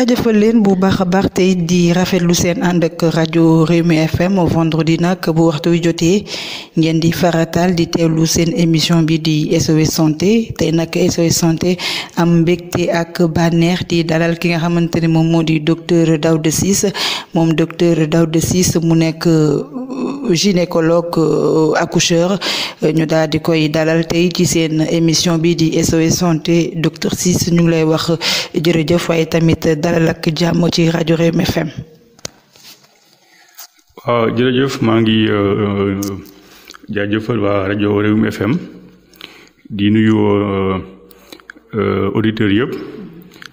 jaajëfal leen bu baax a baax tey di rafetlu seen ànd ak rajo Rewmi FM vendredi nag bu waxtu wi jotee ngeen di faratal di teewlu seen émission bi di SOS santé tey nag SOS santé am mbégte ak bànneex di dalal ki nga xamante ne moom moo di docteur Daouda Ciss moom docteur Daouda Ciss mu nekk. gynécologue euh, accoucheur euh, ñu daal di koy dalal tey ci seen émission bi di SOS santé docteur Ciss ñu ngi lay wax jërëjëf waaye tamit dalal ak jàmm ci rajo Rewmi FM. waaw jërëjëf maa ngi euh, jaajëfal waa rajo Rewmi FM di nuyu auditeurs yëpp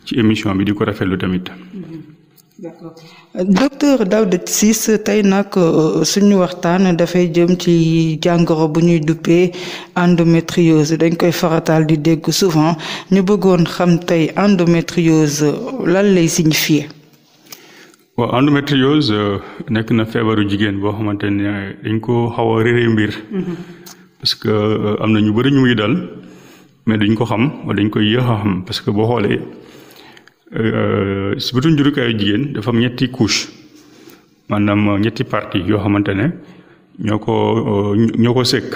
ci émission bi di ko rafetlu tamit. Mm-hmm. docteur Daouda Ciss tey nag euh, suñu waxtaan dafay jëm ci jàngoro bu ñuy duppee endométriose dañ koy faratal di dégg souvent ñu bëggoon xam tey endométriose lan lay signifier. waaw endométriose euh, nekk na feebaru jigéen boo xamante dañ ko xaw a mbir. Mm-hmm. parce que euh, am na ñu bëri ñu muy dal mais dañ ko xam wala dañ koy yéex xam parce que boo xoolee. Euh, si butu njurukaayu jigéen dafa ñetti couche maanaam ñetti partie yoo xamante ne ñoo ko euh, ñoo ko sëkk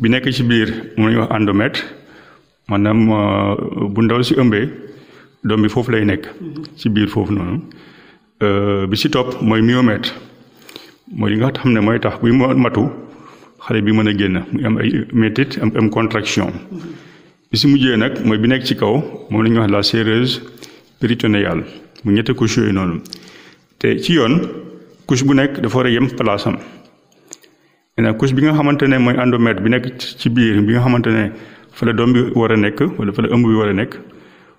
bi nekk ci biir mu ñuy wax endomètre maanaam euh, bu ndaw si ëmbee doom bi foofu lay nekk ci biir foofu noonu bi si topp mooy myomètre mooy li nga xam ne mooy tax buy mattu xale bi mën a génn mu am ay métit am am contraction bi si mujjee nag mooy bi nekk ci kaw moom la wax la séreuse ritu na yàlla mu ñetti couche yooyu noonu te ci yoon couche bu nekk dafa war a yem place am maintenant couche bi nga xamante ne mooy endomètre bi nekk ci biir bi nga xamante ne fa la doom war a nekk wala fa ëmb bi war a nekk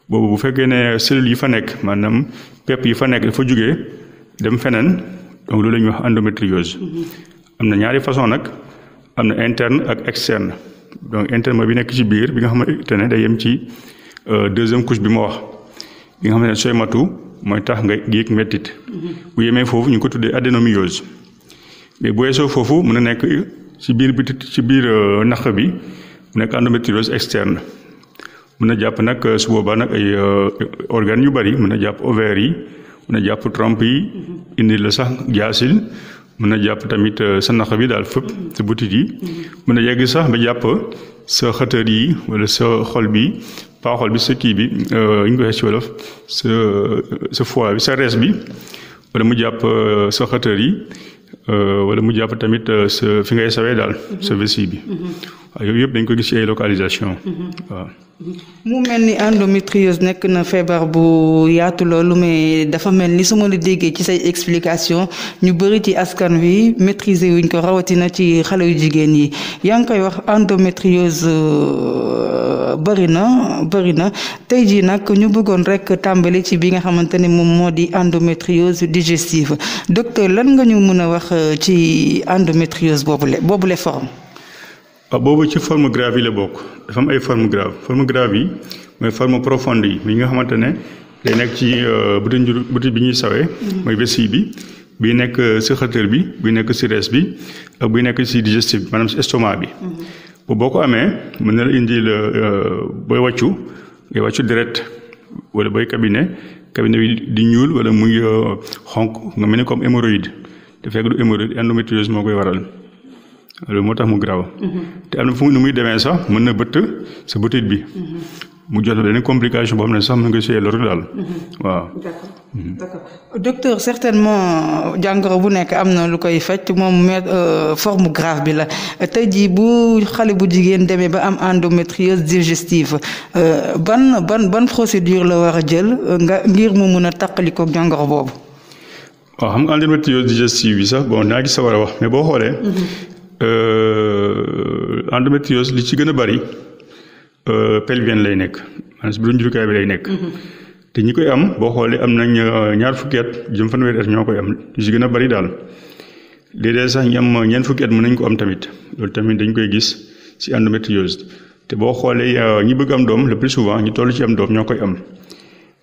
boobu bu fekkee ne cellules yi fa nekk maanaam pepp yi fa nekk dafa jugee dem feneen donc loolu ñuy wax endométriose am na ñaari façon nag am na interne ak externe donc interne bi nekk ci biir bi nga xamante ne day yem ci euh, deuxième couche bi ma wax. bi nga xam ne soymatu mooy tax nga yëg mettit bu yemee foofu ñu ngi ko tuddee adénomyose léegi bu weesoo foofu mën a nekk ci biir bitit ci biir euh, naq bi mu nekk endométriose externe mun a jàpp nag euh, su boobaa nag ay euh, organes yu bari mun a jàpp ovaires yi mën a jàpp trompe yi indi la sax jaasil mën a jàpp tamit sa naq bi daal fëpp sa butit yi mën a yegg sax ba jàpp sa xëtër yi wala sa xol bi paaxol bi sa kii bi ñu ko waxee ci wolof sa sa foie bi sa res bi wala mu jàpp euh, sa xëtër yi euh, wala mu jàpp tamit sa euh, fi ngay sawee daal sa vessie bi mm-hmm. waaw ah, yooyu yëpp dañ ko gis ci ay localisation mm-hmm. mu mel ni endométriose nekk na feebar bu yaatu loolu mais dafa mel ni su ma la déggee ci say explication ñu bëri ci askan wi maîtriser wuñ ko rawatina ci xale yu jigéen yi yaa ngi koy wax endométriose euh, bëri na bëri na tey jii nag ñu bëggoon rek tàmbali ci bi nga xamante ne moom moo di endométriose digestive docteur lan nga ñu mën a wax euh, ci endométriose boobu le forme Ah, boobu ci forme grave yi la bokk dafa am ay forme grave forme grave yi mooy form profonde yi mi nga xamante ne day nekk ci euh, butit njur butit bi ñuy sawee mm-hmm. mooy vessie bi bi nekk euh, si xëtër bi bi nekk si rees bi ak buy nekk si digestif bi maanaam si estomac bi mm-hmm. bu boo ko amee mën na la indil euh, booy wàccu ngay wàccu deret wala booy cabinet cabinet bi di ñuul wala muy xonq nga mel ni comme hémorroïde te fekk du hémorroïde endométriose moo koy waral loolu moo tax mu garaaw. Mhm. te am na fu nu muy demee sax mën na bëtt sa bëtit bi. Mhm. mu jot benn complication boo xam ne sax mën nga see loru daal. Mhm. waaw. d'accord bu nekk am na lu koy faj moom euh, forme grave bi la tey jii bu xale bu jigéen demee ba am endométriose digestive euh, ban ban ban procédure la war a jël euh, nga ngir mu mun a taqalikoo jàngoro boobu. xam nga endométriose sax bon naa gis war a wax mais boo xoolee. Euh, endométriose li ci gën a bari euh, pelvienne lay nekk maanaam si biir njurukaay bi lay nekk. Mm-hmm. te ñi koy am boo xoolee am na euh, ñaar fukki at jëm fanweeri ñoo koy am li ci bari daal léeg-léeg sax ñu am ñeent fukki at mën nañ ko am tamit loolu tamit dañ koy gis si endométriose te boo xoolee ñi bëgg am doom le plus souvent ñi tollu ci am doom ñoo koy am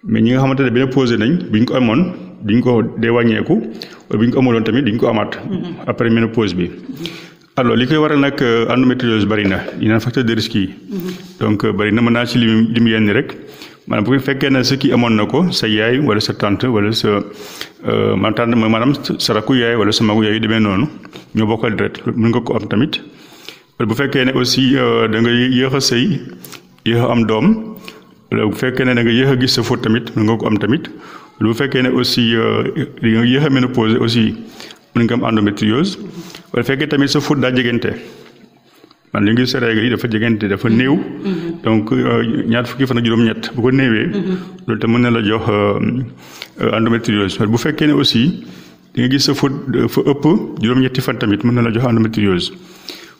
mais ñi nga xamante ne ménopause nañ bu ñu ko amoon duñ ko dee wàññeeku wala bu ko amaloon tamit duñ ko amaat mm-hmm. après ménopause bi. Mm-hmm. alors li koy waral nag euh, endométriose bari na yeneen facteur de risque yi. Mm-hmm. donc euh, bari na mën naa ci lim lim yenn rek maanaam bu fekkee ne ce kii amoon na ko sa yaay wala sa tante wala sa euh, ma tante mooy maanaam sa rakku yaay wala sa magu yaay yu demee noonu ñoo bokkal deret mën nga ko am tamit bu fekkee ne aussi da nga yéex a sëy yéex am doom bu fekkee ne da nga yéex a gis sa faute tamit mën nga ko am tamit bu fekkee ne aussi da nga yéex a ménopause aussi. mën nga am endométriose wala fekkee tamit sa fóot daa jegante man ñu ngi règle yi dafa jegante dafa néew. Mm-hmm. donc euh, ñaar fukki fan ak juróom-ñett bu ko néewee. Mm-hmm. loolu te mën na la jox euh, euh, endométriose bu fekkee ne aussi di gis sa fóot dafa ëpp juróom-ñetti fan tamit mën na la jox endométriose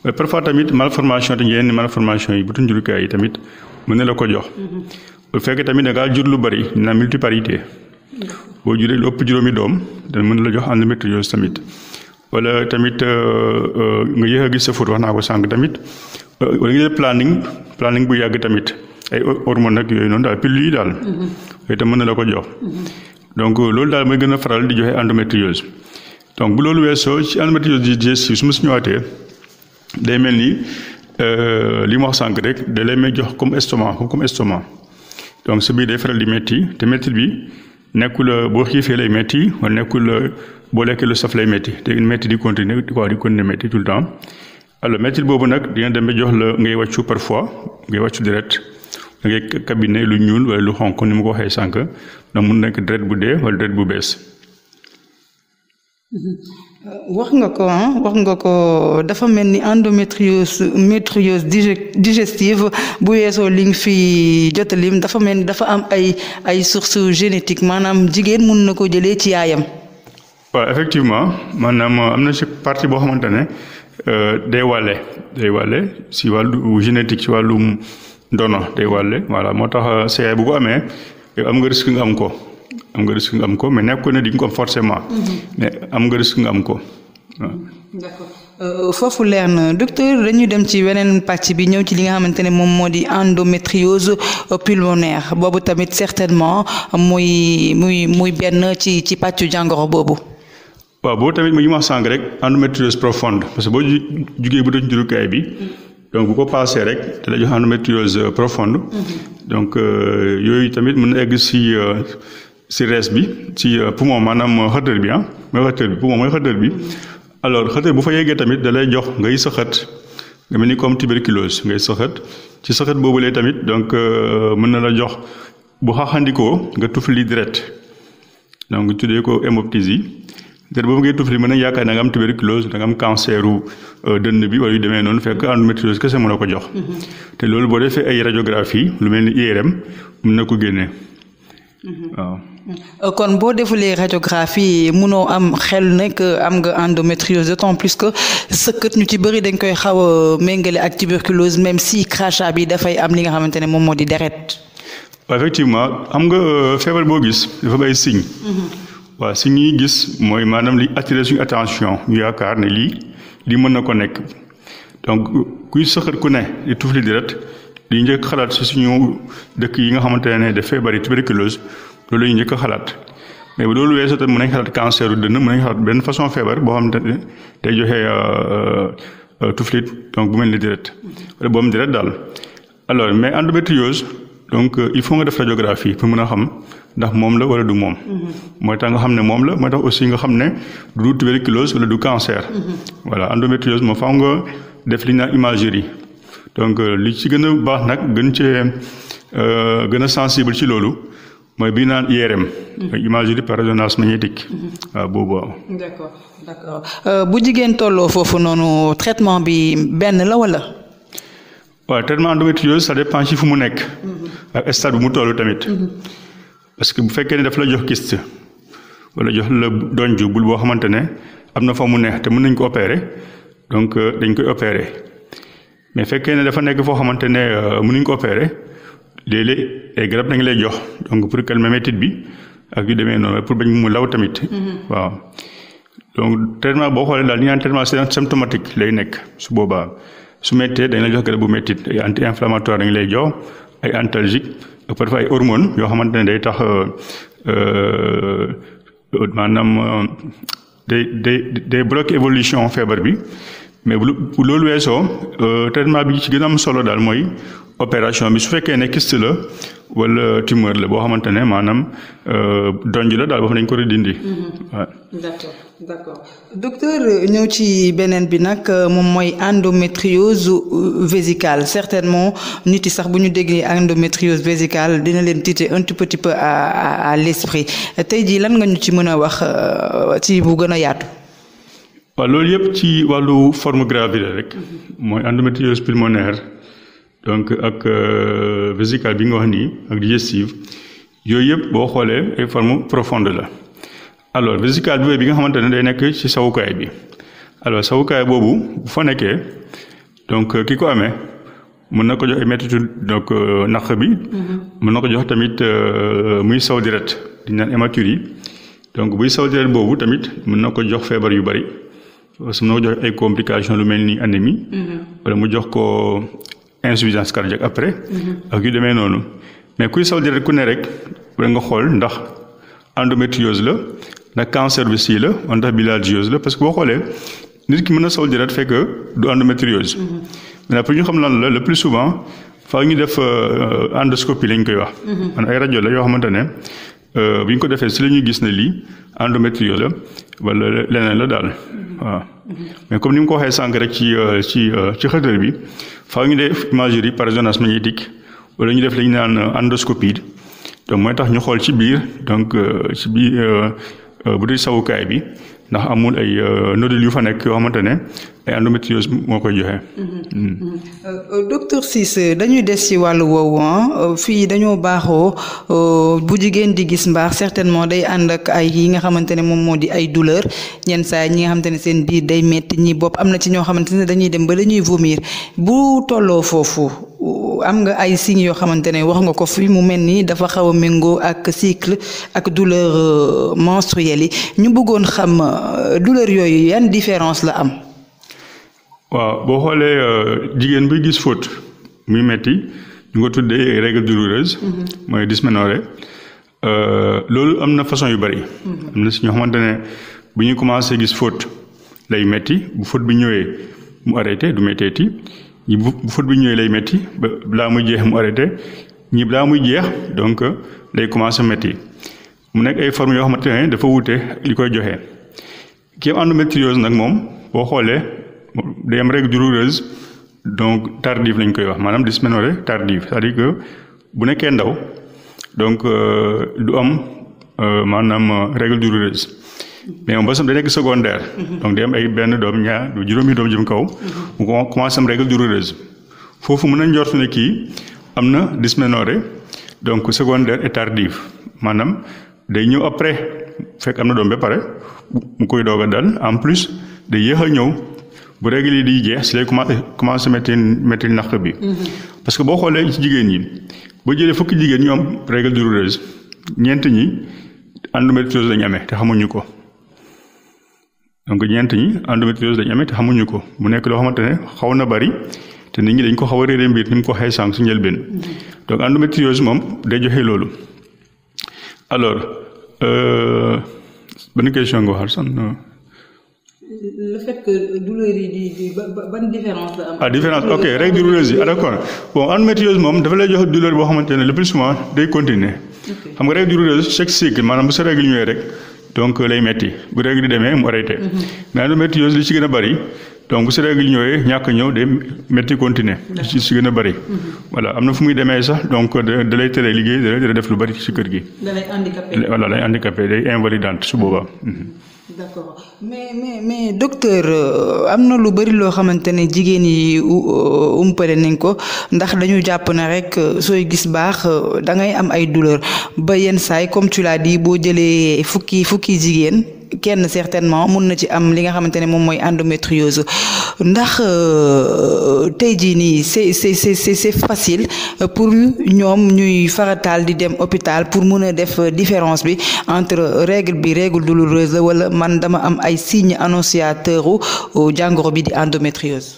waaye parfois tamit malformation te yenn malformation yi bëtu njurukaay yi tamit mën na la ko jox. Mm-hmm. bu fekkee tamit da jur lu bari na multiparité. boo juree lu ëpp juróomi doom dana mën la jox endométriose tamit wala tamit euh, euh, nga yéex a gis sa wax naa ko sànq tamit euh, wala nga jël planning planning bu yàgg tamit ay hormones ak yooyu noonu daal pilule yi daal. Mm-hmm. yooyu tam mën na la ko jox. Mm-hmm. donc loolu daal mooy gën a faral di joxe endométriose donc bu loolu weesoo ci endométriose digestive su ma si ñëwaatee day mel ni li ma wax sànq rek da lay may jox comme estomac comme estomac donc sa biir day bi. nekkul euh, boo xiifee lay métti wala nekkul euh, boo lekkee lu saf lay métti te métti di continuer quoi di continuer métti tout le temps alors métti boobu nag dina dem jox la ngay wàccu parfois ngay wàccu deret da ngay cabinet lu ñuul wala lu xonk ni mu ko waxee sànq ndax mun nekk deret bu dee wala deret bu bees. Mhm. wax nga ko ah, wax nga ko dafa mel ni endométriose métriose digestive bu weesoo li nga fi jotalim dafa mel ni dafa am ay ay sources génétiques maanaam jigéen mun na ko jëlee ci yaayam. waaw effectivement maanaam euh, am na ci partie boo xamante ne euh, day wàlle day wàlle si wàllu génétique si wàllum ndono day wàlle voilà moo tax euh, sa yaay bu ko amee am nga risque nga am ko. am nga risque nga am ko mais nekkul ne di nga ko am forcément. Mhm. mais am nga risque nga am ko waaw. Euh, foofu leer na docteur dañu dem ci weneen pàcc bi ñëw ci li nga xamante ne moom moo di endométriose pulmonaire boobu tamit certainement muy muy muy benn ci ci pàccu jàngoro boobu. waaw boobu tamit mu ñu ma sànq rek endométriose profonde parce que boo jugee bu doon jurukaay bi. donc bu ko paasee rek da la jox endométriose profonde. Mhm. donc euh, yooyu tamit mën na egg si. Euh, ci res bi si euh, poumon maanaam euh, xëtër bi ah mooy bi poumon mooy xëtër bi alors xëtër bu fa yeggee tamit da lay jox ngay sëxët nga mel ni comme tuberculose ngay sëxët ci sëxët boobulee tamit donc euh, mën na la jox bu xaxandikoo nga tufli deret donc tuddee ko hémoptysie deret boobu ngay tufli mën nañ yaakaar da nga am tuberculose da nga am canceru dënn bi wala yu demee noonu fekk endométriose kese mën a ko jox mm-hmm. te loolu boo defee ay radiographie lu mel ni IRM mën na ko génne mm-hmm. waaw Euh, kon boo defulee radiographie munoo am xel nekk am nga endométriose d'autant plus que sëkkat ñu ci bëri dañ koy xaw a méngale ak tuberculose même si crachat bi dafay am li nga xamante ne moom moo di deret. effectivement am nga euh, feebar boo gis dafa bay signe. waaw mm-hmm. signe yi gis mooy maanaam li attiré suñu attention ñu yaakaar ne lii li mën na ko nekk donc kuy sëkkat ku ne di tufli deret di njëkk xalaat su suñu dëkk yi nga xamante ne dafay bari tuberculose. loolu la ñuy njëkk a xalaat mais bu loolu weesoo tamit mën nañ xalaat cancer du dënn mën nañ xalaat benn façon feebar boo xam day joxe euh, euh, tuflit donc bu mel ni deret wala boobu deret daal alors mais endométriose donc euh, il faut nga def radiographie pour mën a xam ndax moom la wala du moom. Mm-hmm. mooy tax nga xam ne moom la mooy tax aussi nga xam ne du tuberculose wala du cancer. Mm-hmm. voilà endométriose moom faaw nga def li ñu naan imagerie donc li ci gën a baax nag gën cee gën a sensible ci loolu. mooy bi naan IRM. image de par résonance magnétique. waaw mm-hmm. ah, boobu waaw. d'accord d'accord euh, bu jigéen tolloo foofu noonu traitement bi benn la wala. waaw traitement endométriose ça dépend ci fu mu nekk. Mm-hmm. ak stade bu mu toll tamit. Mm-hmm. parce que bu fekkee ne daf la jox kist wala jox la donju bul boo xamante ne am na fa mu ne te mun nañ ko opeere donc euh, dañ koy opérer mais fekkee ne dafa nekk foo xamante ne euh, mënuñ ko opérer. léeg-léeg ay garab da nga lay jox donc pour calmer métit bi ak yu demee noonu pour bañ mu law tamit. Mm-hmm. waaw donc traitement boo xoolee daal li ñu naan traitement symptomatique lay nekk su boobaa su méttee dañ jox garab bu méttit ay anti inflammatoire dañ lay jox ay antalgique ak parfois ay hormones yoo xamante ne day tax euh, euh, maanaam day day day bloqué évolution feebar bi mais bu loolu weesoo euh, traitement bi ci gën a am solo daal mooy. opération bi su fekkee ne kyste la wala tumeur la boo xamante ne maanaam euh, donj la daal boo xam ne dañ ko dindi. Mm-hmm. d'accord d'accord docteur ñëw ci beneen bi nag euh, moom mooy endométriose vésicale certainement nit yi sax bu ñu déggee endométriose vésicale dina leen tiite un tout petit à l'esprit tey jii lan nga ñu ci mën a wax euh, ci bu gën a yaatu. waaw loolu yëpp ci wàllu forme grave la rek mm-hmm. mooy endométriose pulmonaire. donc ak euh, vésicale bi nga wax nii ak digestive yooyu yëpp boo xoolee ay forme profonde la alors vésicale bi bi nga xamante ne day nekk ci sawukaay bi alors sawukaay boobu bu fa nekkee donc ki ko amee mën na ko jox ay méttitu donc euh, naq bi mm-hmm. mën na ko jox tamit euh, muy saw deret di naan hématurie yi donc buy saw deret boobu tamit mën na ko jox feebar yu bari parce que mën na ko jox ay complication lu mel nii anémie mm-hmm. wala mu jox ko insuffisance cardiaque après. Mm-hmm. ak yu demee noonu. mais kuy saw deret ku ne rek da nga xool ndax endométriose la ndax cancer du sida la wala ndax la parce que boo xoolee nit ki mën na saw deret fekk du endométriose. Mm-hmm. mais pour ñu xam lan la le plus souvent faa ñu def euh, endoscopie lañ koy wax. Mm-hmm. man ay rajo la yoo xamante ne euh, bu ñu ko defee si la ñuy gis ne lii endométriose la wala leneen la daal waaw mais comme ni mu ko waxee sànq ci euh, ci ci xëtër faaw ñu def imagerie par résonance magnétique wala ñu def li ñu naan endoscopie donc mooy tax ñu xool ci biir donc euh, ci biir euh, euh, bu dee sawukaay bi ndax amul ay nodules yu fa nekk yoo xamante ne et endométriose moo euh, dañuy des ci wàll woowu euh, fii dañoo baaxoo euh, bu jigéen di gis mbaax certainement day ànd ak ay yi nga xamante ne moom moo di ay douleur ñenn saa ñi nga xamante ne seen biir day metti ñi bopp am na ci ñoo xamante ne dañuy dem ba dañuy vomir bu tolloo foofu am nga ay signes yoo xamante ne wax nga ko fi mu mel nii dafa xaw a méngoo ak cycle ak douleur menstruelle yi ñu buggoon xam douleur yooyu yan différence la am. waaw boo xoolee euh, jigéen bi gis fóot muy metti ñu nga tuddee règle douloureuse mm-hmm. mooy dysménorrhée euh, loolu am na façon yu bari mm-hmm. am na si ñoo xamante ne bu ñuy commencé gis fóot lay metti bu fóot bi ñëwee mu arrêté du metteeti ñi bu ñëwee lay metti ba balaa muy jeex mu arrêté ñi balaa muy jeex donc lay commencé metti mu nekk ay formes yoo xamante dafa wute li koy joxe ki am endométriose nag moom boo xoolee day am règle douloureuse donc tardive lañ koy wax maanaam dysménorrhée tardive c'est-à-dire que bu nekkee ndaw donc euh, du am euh, maanaam euh, règle douloureuse mais moom basam da nekk secondaire mhm. donc day am ay benn doom ñaar du juróomi doom jëm kaw mhm. mu commencé am règle douloureuse foofu mën nañ njortu ne kii am na dysménorrhée donc secondaire et tardive maanaam day ñëw après fekk am na doom ba pare mu koy doog a dal en plus day yéex a ñëw bu règle yi di jeex si lay commencé commencé métti métti naq bi. Mm-hmm. parce que boo xoolee ci jigéen ñi boo jëlee fukki jigéen ñoom règle douloureuse ñeent ñi endométriose lañ amee te xamuñu ko. donc ñeent ñi endométriose lañ amee xamuñu ko mu nekk loo xamante ne xaw na bari te nit ñi dañ ko xaw a réeré mbir ni mu ko waxee sànq su njëlbeen. Mm-hmm. donc endométriose moom day joxe loolu. alors euh, benn question nga waxal sax le fait di di ban différence la am. ah différence ok règles yi ah d' accord bon endométriose moom dafa lay jox douleur boo xamante ne le plus souvent xam nga règles douloureuses chaque cycle maanaam bu sa règle ñëwee rek donc euh, lay metti bu règle di demee mu arrêté. Mhm. mais endométriose li ci gën a bari donc bu sa règle ñàkk ñëw day metti continuer. li ci gën a bari. Mhm. voilà am na fu muy demee sax donc da lay tere liggéey da tere def lu bari ci kër gi. da lay handicapé voilà lay day invalidante su boobaa. Mhm. d' mais mais mais docteur euh, am na lu bari loo xamante ne jigéen yi euh, umpale nañ ko ndax dañu jàpp na rek euh, sooy gis baax da ngay am ay douleur ba yenn saay comme tu l'as dit boo jëlee fukki fukki jigéen. kenn certainement mun na ci am li nga xamante ne moom mooy endométriose ndax euh, tey jii nii c'est c'est facile pour ñoom ñuy farataal di dem hôpital pour mun a def différence bi entre règle bi règle douloureuse rese wala man dama am ay signes annonciateurs u jàngoro bi di endométriose.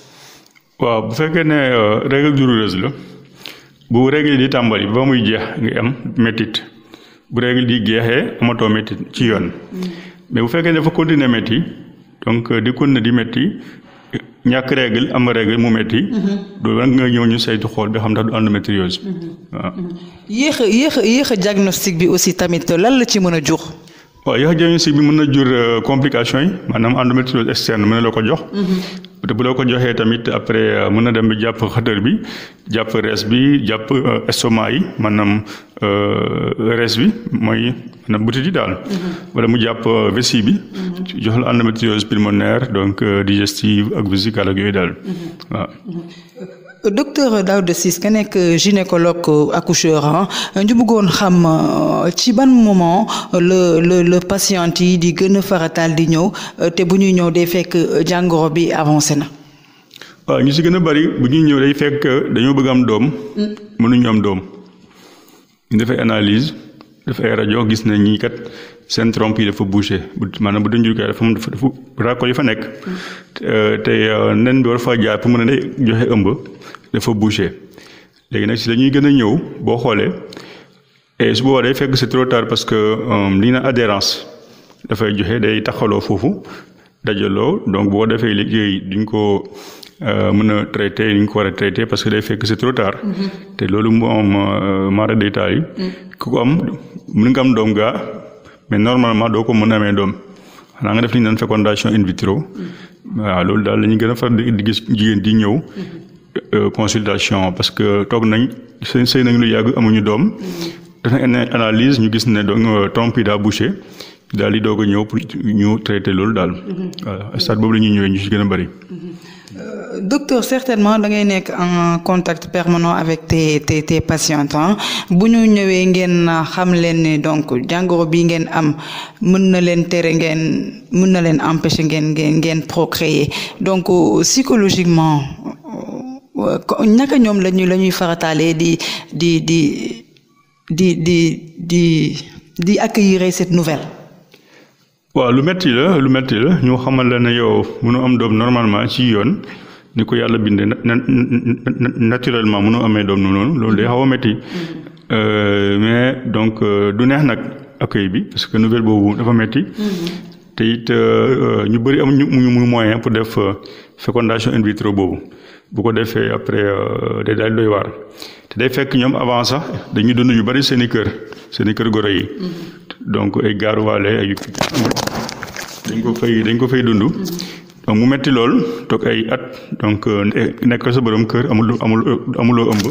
waaw bu fekkee ne euh, règle douloureuse la bu règle di tàmbali ba muy jeex nga am métit bu règle di jeexee amatoo métit ci yoon. Mm. mais bu fekkee dafa continuer métti donc euh, di continuer di métti ñàkk règle am règle mu métti. du nag nga ñëw ñu saytu xool bi xam ndax du endométriose. Mm-hmm. waaw yéex a yéex a yéex a diagnostic bi aussi tamit lan la ci mën a jur. waaw yéex a si bi mën na jur euh, complication yi maanaam endométriose externe mën na la ko jox. Mm-hmm. te bu la ko joxee tamit après euh, mën na dem bi jàpp xëtër bi jàpp rees bi jàpp euh, estomac yi maanaam rees bi mooy maanaam butit yi daal. Mm-hmm. wala mu jàpp vessie bi. Mm-hmm. jox la endométriose pulmonaire donc digestive ak vésicale ak yooyu daal waaw. docteur Daouda Ciss nekk gynécologue accoucheur ah, ñu bëggoon xam euh, ci ban moment euh, le le patient yi di gën a farataal di ñëw euh, te bu ñuy ñëw day fekk jàngoro bi avancé na. waaw ñu si gën a bari bu ñuy ñëw day fekk dañoo bëgg am doom. Mm. mënuñu am doom. ñu defee analyse def ay rajo gis nañ ñii kat seen trompe yi dafa bouché maanaam bu dënjukaay dafa am dafa dafa raccord yi fa nekk. Mm. te nen bi war faa mën a joxe ëmb. dafa bouché léegi nag si lañuy ñuy gën a ñëw boo xoolee su boobaa day fekk c'est trop tard parce que euh, lii na addérance dafay joxe day taxaloo foofu dajaloo donc boo defee liggéey duñ ko euh, mën a traité ni ko war a traité parce que day fekk c'est trop tard. Mm-hmm. te loolu moom euh, mara détail yi. Mm. ko am mën nga am doom gaa mais normalement doo ko mën a amee doom xanaa nga def li ñu naan fécondation in vitro. Mm. waaw loolu daal la ñuy gën a faral di gis jigéen di ñëw. Mm-hmm. Euh, consultation parce que toog nañ sëy sëy nañ lu yàgg amuñu doom def nañ analyse ñu gis ne donc euh, trompe yi daa bouché daal di doog a ñëw pour ñu traité loolu daal. voilà mhm. stade boobu la ñuy ñëwee ñu ci gën a bari. Euh, docteur certainement da ngay nekk en contact permanent avec tes tes tes patients bu ñu ñëwee ngeen xam leen ne donc jàngoro bi ngeen am mën na leen tere ngeen mën na leen empêcher ngeen ngeen ngeen procréer donc psychologiquement. naka ñoom lañu la ñuy farataalee di di di di di di di accueillir cette nouvelle. waaw lu metti la lu metti la ñu xamal la na yow mënu am doom normalement ci yoon ni ko yàlla bindee naturellement mënu amee doom noonu loolu day xaw a metti euh, mais donc euh, du neex nag accueil bi parce que nouvelle boobu dafa metti mm-hmm. te it euh, ñu bëri am ñu mu moyen pour def fécondation in vitro boobu. bu ko defee après euh, day daal doy waar te day fekk ñoom avant sax dañuy dund yu bari seen i kër seen i kër goro yi donc ay gaaruwaale ay dañ ko fay dañ ko fay dund donc mu metti lool toog ay at donc euh, nekk sa borom kër amul amul amuloo ëmb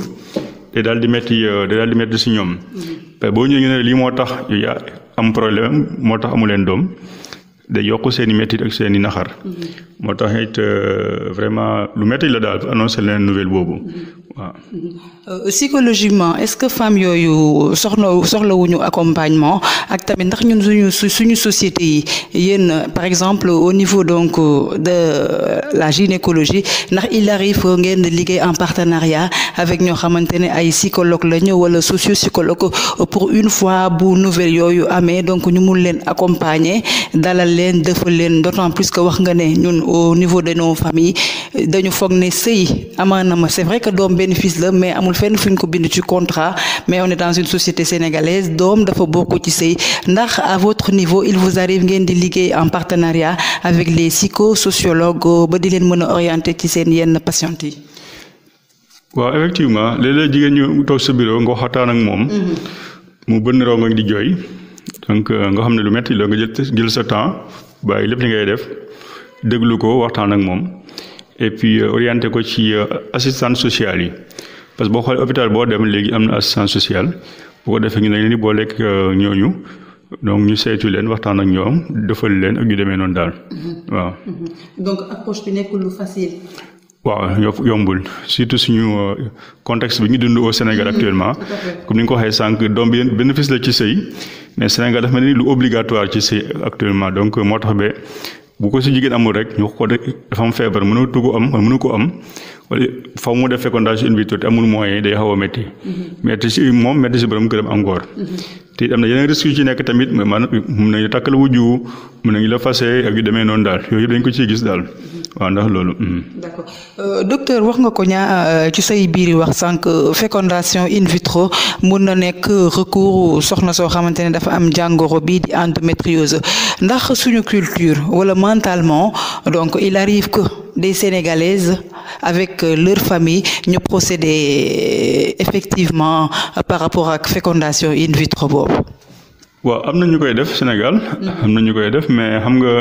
de daal di metti euh, day daal di metti si ñoom mm-hmm. boo ñëwee ñu ne lii moo tax yaa am problème moo tax amu leen doom day yokk seen i métit ak seen i naxar mm-hmm. moo tax it euh, vraiment lu métti la daal annoncer leen nouvelle boobu Euh, psychologiquement est-ce que femmes yooyu soxla soxlawuñu accompagnement ak tamit ndax ñun suñu suñu société yi yéen par exemple au niveau donc euh, de la gynécologie ndax il arrive ngeen di liggéey en partenariat avec ñoo xamante ne ay psychologue lañu wala socio-psychologue pour une fois bu nouvelle yooyu amee donc ñu mun leen accompagner dalal leen defal leen d'autant plus que wax nga ne ñun au niveau de nos familles dañu foog ne sëy amaana c'est vrai que doom bénéfice la mais amul fenn fuñ ko bind ci contrat mais on est dans une société sénégalaise doom dafa bokk ci sëy ndax à votre niveau il vous arrive ngeen di liggéey en partenariat avec les psychosociologues euh, ba di leen mën a orienter ci seen yenn patients yi. waaw effectivement léeg-léeg jigéen ñu toog sa bureau nga waxtaan ak moom. Mhm. mu bënn roo nga di jooy donc euh, nga xam ne lu metti loo nga jël jël sa temps bàyyi lépp li ngay def déglu ko waxtaan ak moom. et puis euh, ko ci euh, assistance sociale yi parce que boo xoolee hôpital boo dem léegi am na assistance sociale bu ko defee ñu ne leen di booleeg euh, ñooñu donc ñu saytu leen waxtaan ak ñoom defal leen ak ñu demee noonu daal mm-hmm. waaw. Mm-hmm. donc yombul surtout suñu contexte bi ñu dund au Sénégal mm-hmm. actuellement comme ni nga ko waxee sànq doom bi bénéfice la ci sëy mais Sénégal dafa mel ni lu obligatoire ci sëy actuellement donc moo tax ba bu ko si jigéen amul rek ñu wax ko dafa am feebar mënatu ko am mënu ko am faw mu def fécondation in vitro te amul moyen day xaw a métti métti si moom métti si borom këram encore te am na yeneen risques yu ci nekk tamit mooy maanaam mun nañu tàkkal wujju mun nañu la fase ak yu demee noonu daal yooyu yëpp dañ ko ciy gis daal waaw ndax loolu. Mm. d'accord euh, docteur wax nga ko ñaa euh, ci say biir i wax sànq euh, fécondation in vitro mun na nekk recours soxna soo xamante ne dafa am jàngoro bii di endométriose ndax suñu culture wala mentalement donc il arrive ko des sénégalaises. avec leur famille ñu procéder effectivement par rapport ak fécondation in vitro boobu. waaw am na ñu koy def Sénégal. am na ñu koy def mais xam nga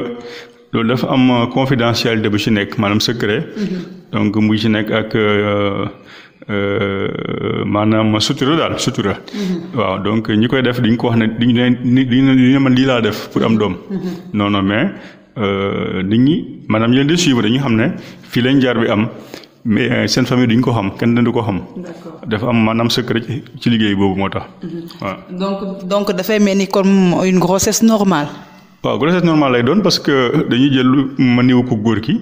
loolu def am confidentialité bu ci nekk maanaam secret. donc mu ci nekk ak. maanaam sutura daal sutura. waaw donc ñi koy def diñ ko wax ne diñ ne diñ ne man lii laa def pour am doom. non mais Euh, nit ñi maanaam ñu leen suivre dañu xam ne fii lañ jaar bi am mais euh, seen famille duñ ko xam kenn dañ ko xam. dafa am maanaam secret ci liggéey boobu moo tax. waa mhm. donc donc dafay mel ni comme une grossesse normale. waaw grossesse normale lay doon parce que dañuy jël ma néew ko góor ki.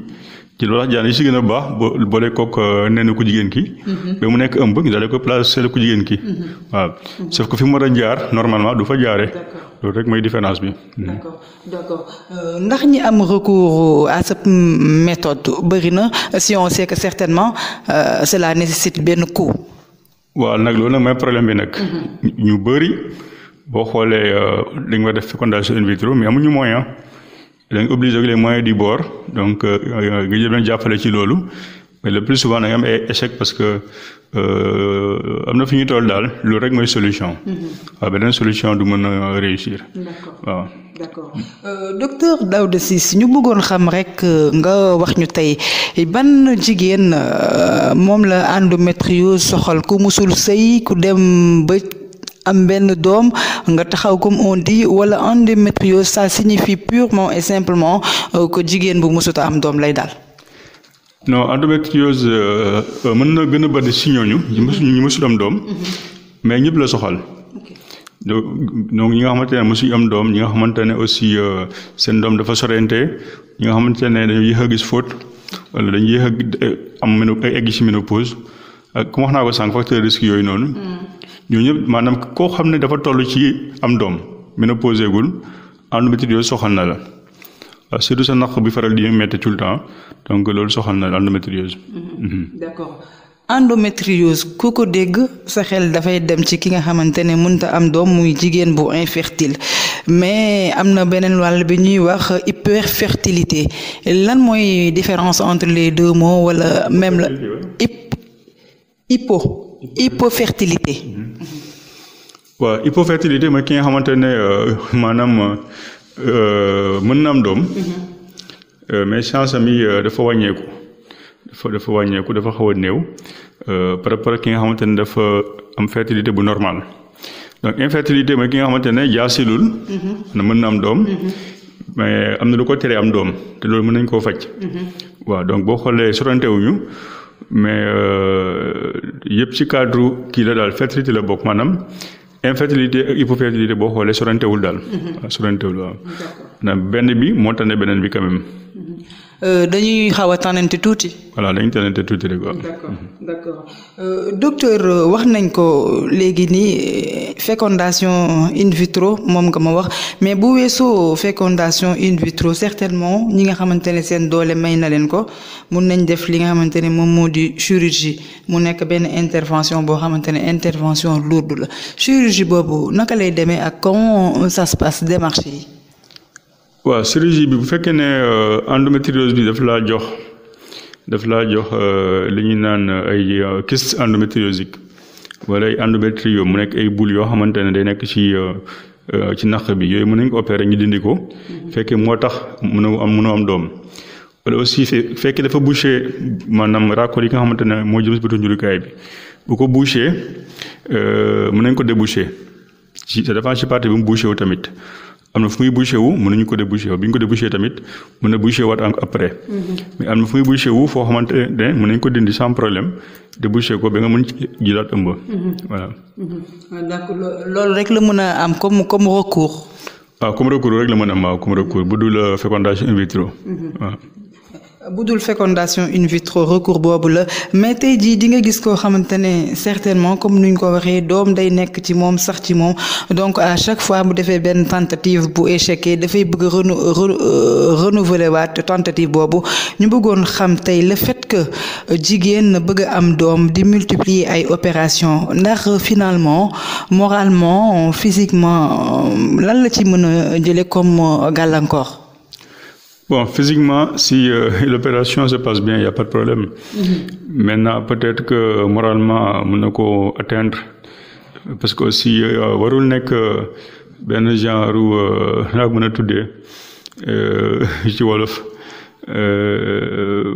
ci loolu jaan yi si gën a baax boo boole kook euh, nenu ko jigéen ki. Mhm. ba mu nekk ëmb ñu daal di ko placer ku jigéen ki. Mhm. waaw mhm. sauf ko fi mu war a jaar normalement du fa jaare loolu rek mooy différence bi. d'accord d'accord euh, ndax ñi am recours à cette métode bëri na si on sait que certainement euh, cela nécessite benn ko waaw nag loolu nag mooy problème bi nag. ñu bëri boo xoolee euh, li nga def fécondation in vitro mais ñu moyen. dañ obligé les moyens du bord donc euh, nga jël jàppale ci loolu mais le plus souvent da nga échec parce que euh, am na fi ñuy toll daal loolu rek mooy solution. Mm-hmm. waaw beneen solution du mën a réussir. waaw. d'accord euh, docteur ñu bëggoon xam rek nga wax ñu tey ban jigéen moom la endométriose soxal ku musul sëy ku dem ba am benn doom nga taxaw comme on dit wala endométriose ça signifie purement et simplement euh, que jigéen bu musuta am doom lay daal. non endométriose euh, euh, mën na gën a bari si ñooñu ñu mësuñu am doom mais ñëpp la soxal donc ñi nga xamante ne mësuñu am doom ñi nga xamante ne aussi seen doom dafa sorente ñi nga xamante ne dañu yéex a gis faute wala dañu yéex a am ay egg si ménopause ak wax naa ko sànq facteur risque yooyu noonu. Mm. ñoo ñëpp maanaam koo xam ne dafa toll ci am doom ménopause gul endométriose yooyu soxal na la ah, surtout sa naq bi faral di métti tout donc loolu soxal na la endométriose. Mm-hmm. Mm-hmm. d'accord endométriose ku ko dégg sa xel dafay dem ci ki nga xamante ne mënta am doom muy jigéen bu infertile mais am na beneen wàll bi ñuy wax hyperfertilité lan mooy différence entre les deux mots wala même la. hypo hypofertilité. waaw hypofertilité mooy ki nga xamante ne euh, maanaam euh, mën na am doom. Mhm. Euh, mais chance am yi dafa wàññeeku dafa wàññeeku dafa xaw a néew par rapport ak ki nga xamante ne dafa am fertilité bu normal donc infertilité mooy ki nga xamante ne jaasilul. Mhm. mën na am doom. Mhm. mais am na lu ko teree am doom te loolu mën nañ koo faj. waaw donc boo xoolee sorante mais euh, yëpp ci cadre kii la daal fertilité la bokk maanaam infertilité ak hypofertilité boo xoolee sorantewul daal. Mhm. sorantewul waaw. benn bi moo tane beneen bi quand Euh, dañuy xaw a tànnante tuuti. voilà dañuy tànnante tuuti rek waaw. Euh, docteur euh, wax nañ ko léegi nii fécondation in vitro moom nga ma wax mais bu weesoo fécondation in vitro certainement ñi nga xamante ne seen doole may na leen ko mun nañ def li nga xamante ne moom moo di chirurgie mu nekk benn intervention boo xamante ne intervention lourde la chirurgie boobu naka lay demee ak comment ça se passe yi. waaw chirurgie bi bu fekkee ne euh, endométriose bi daf laa jox daf laa jox euh, li ñuy naan euh, ay kyste endométriosique wala ay endométriome mu nekk ay boules yoo xamante ne day nekk ci ci naq bi yooyu mën nañ ko opérer ñu dindi ko mm-hmm. fekkee moo tax mënoo am mënoo am doom wala aussi fekkee dafa bouché maanaam raccord yi nga xamante ne moo jëm si bëtu njurukaay bi bu ko bouché mën nañ ko débouché ci ça dépend ci partie bi mu bouché tamit am na fu muy bouché wu mënuñu ko débouché wu bi ñu ko débouché tamit mën na bouché waat après. Mm-hmm. mais am na fu muy bouché wu foo xamante ne mën nañu ko dindi sans problème débouché ko ba nga mën ci jëlaat ëmb. Mm-hmm. voilà. Mm-hmm. donc loolu rek la mën a am comme comme recours. waaw ah, comme recours rek la mën a am waaw comme recours bu dul euh, fécondation in vitro. bu dul fécondation in vitro recours boobu la mais tey jii di nga gis koo xamante ne certainement comme nuñ ko waxee doom day nekk ci moom sax ci moom donc à chaque fois mu defee benn tentative bu échecqué dafay bëgg renou euh, renouveler waat tentative boobu ñu bëggoon xam tey la fait que jigéen na bëgg am doom di multiplier ay opération ndax finalement moralement physiquement euh, lan la ci mën a jële comme gàllankoor. Bon, physiquement, si euh, l'opération se passe bien, il pas de problème. Mm Maintenant, peut-être que moralement, mën na ko atteindre parce que aussi euh, warul nekk euh, benn genre où euh, mën a tuddee ci wolof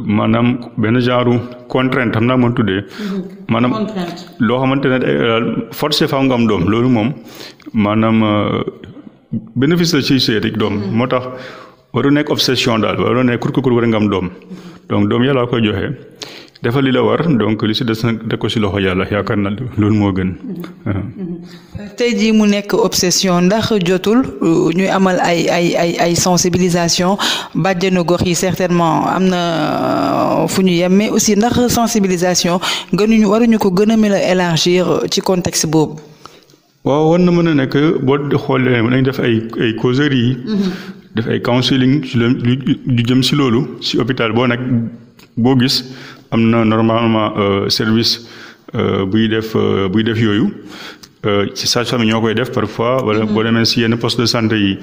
maanaam benn genre contrainte xam naa mën tuddee. Mm-hmm. maanaam loo xamante ne forcé faaw doom loolu moom maanaam bénéfice la ci sey rek doom mm-hmm. moo tax. waru nekk obsession daal waru nekk kur kur war nga am doom donc doom yàlla koy joxe defal li la war donc li si des nag def ko si loxo yàlla yaakaar na loolu moo gën. tey jii mu nekk obsession ndax jotul euh, ñuy amal ay ay ay ay sensibilisation bàjjenu gox yi certainement am na euh, fu ñu yem mais aussi ndax sensibilisation gënuñu waruñu ko gën a mel a élargir ci contexte boobu. waaw war na mën na nekk boo xoolee nañ def ay ay def ay counseling ci lu jëm si loolu si hôpital boo nag boo gis am na normalement euh, service euh, buy def euh, buy def yooyu ci sage-femme ñoo koy def parfois wala mm-hmm. boo demee si yenn poste de santé yi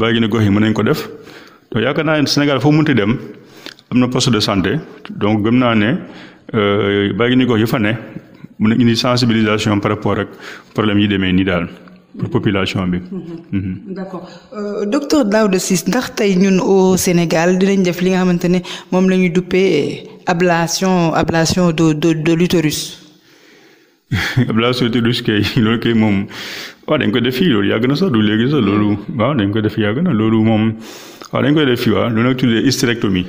bàyyi gi gox yi mën nañ ko def to yaakaar naa ne Sénégal foo munti dem am na poste de santé donc gëm naa ne bàyyi gi ne gox yi fa ne mun na indi sensibilisation par rapport ak problème yi demee nii daal population bi. d'accord euh, docteur Daouda Ciss ndax tey ñun au Sénégal dinañ def li nga xamante ne moom lañuy ñuy duppee ablation ablation de de de l'utérus. ablation utérus kay loolu kay moom waaw dañ ko def fii loolu yàgg na sax léegi sax loolu ko def yàgg loolu moom waaw dañ koy def fii waaw lu nag tuddee hystérectomie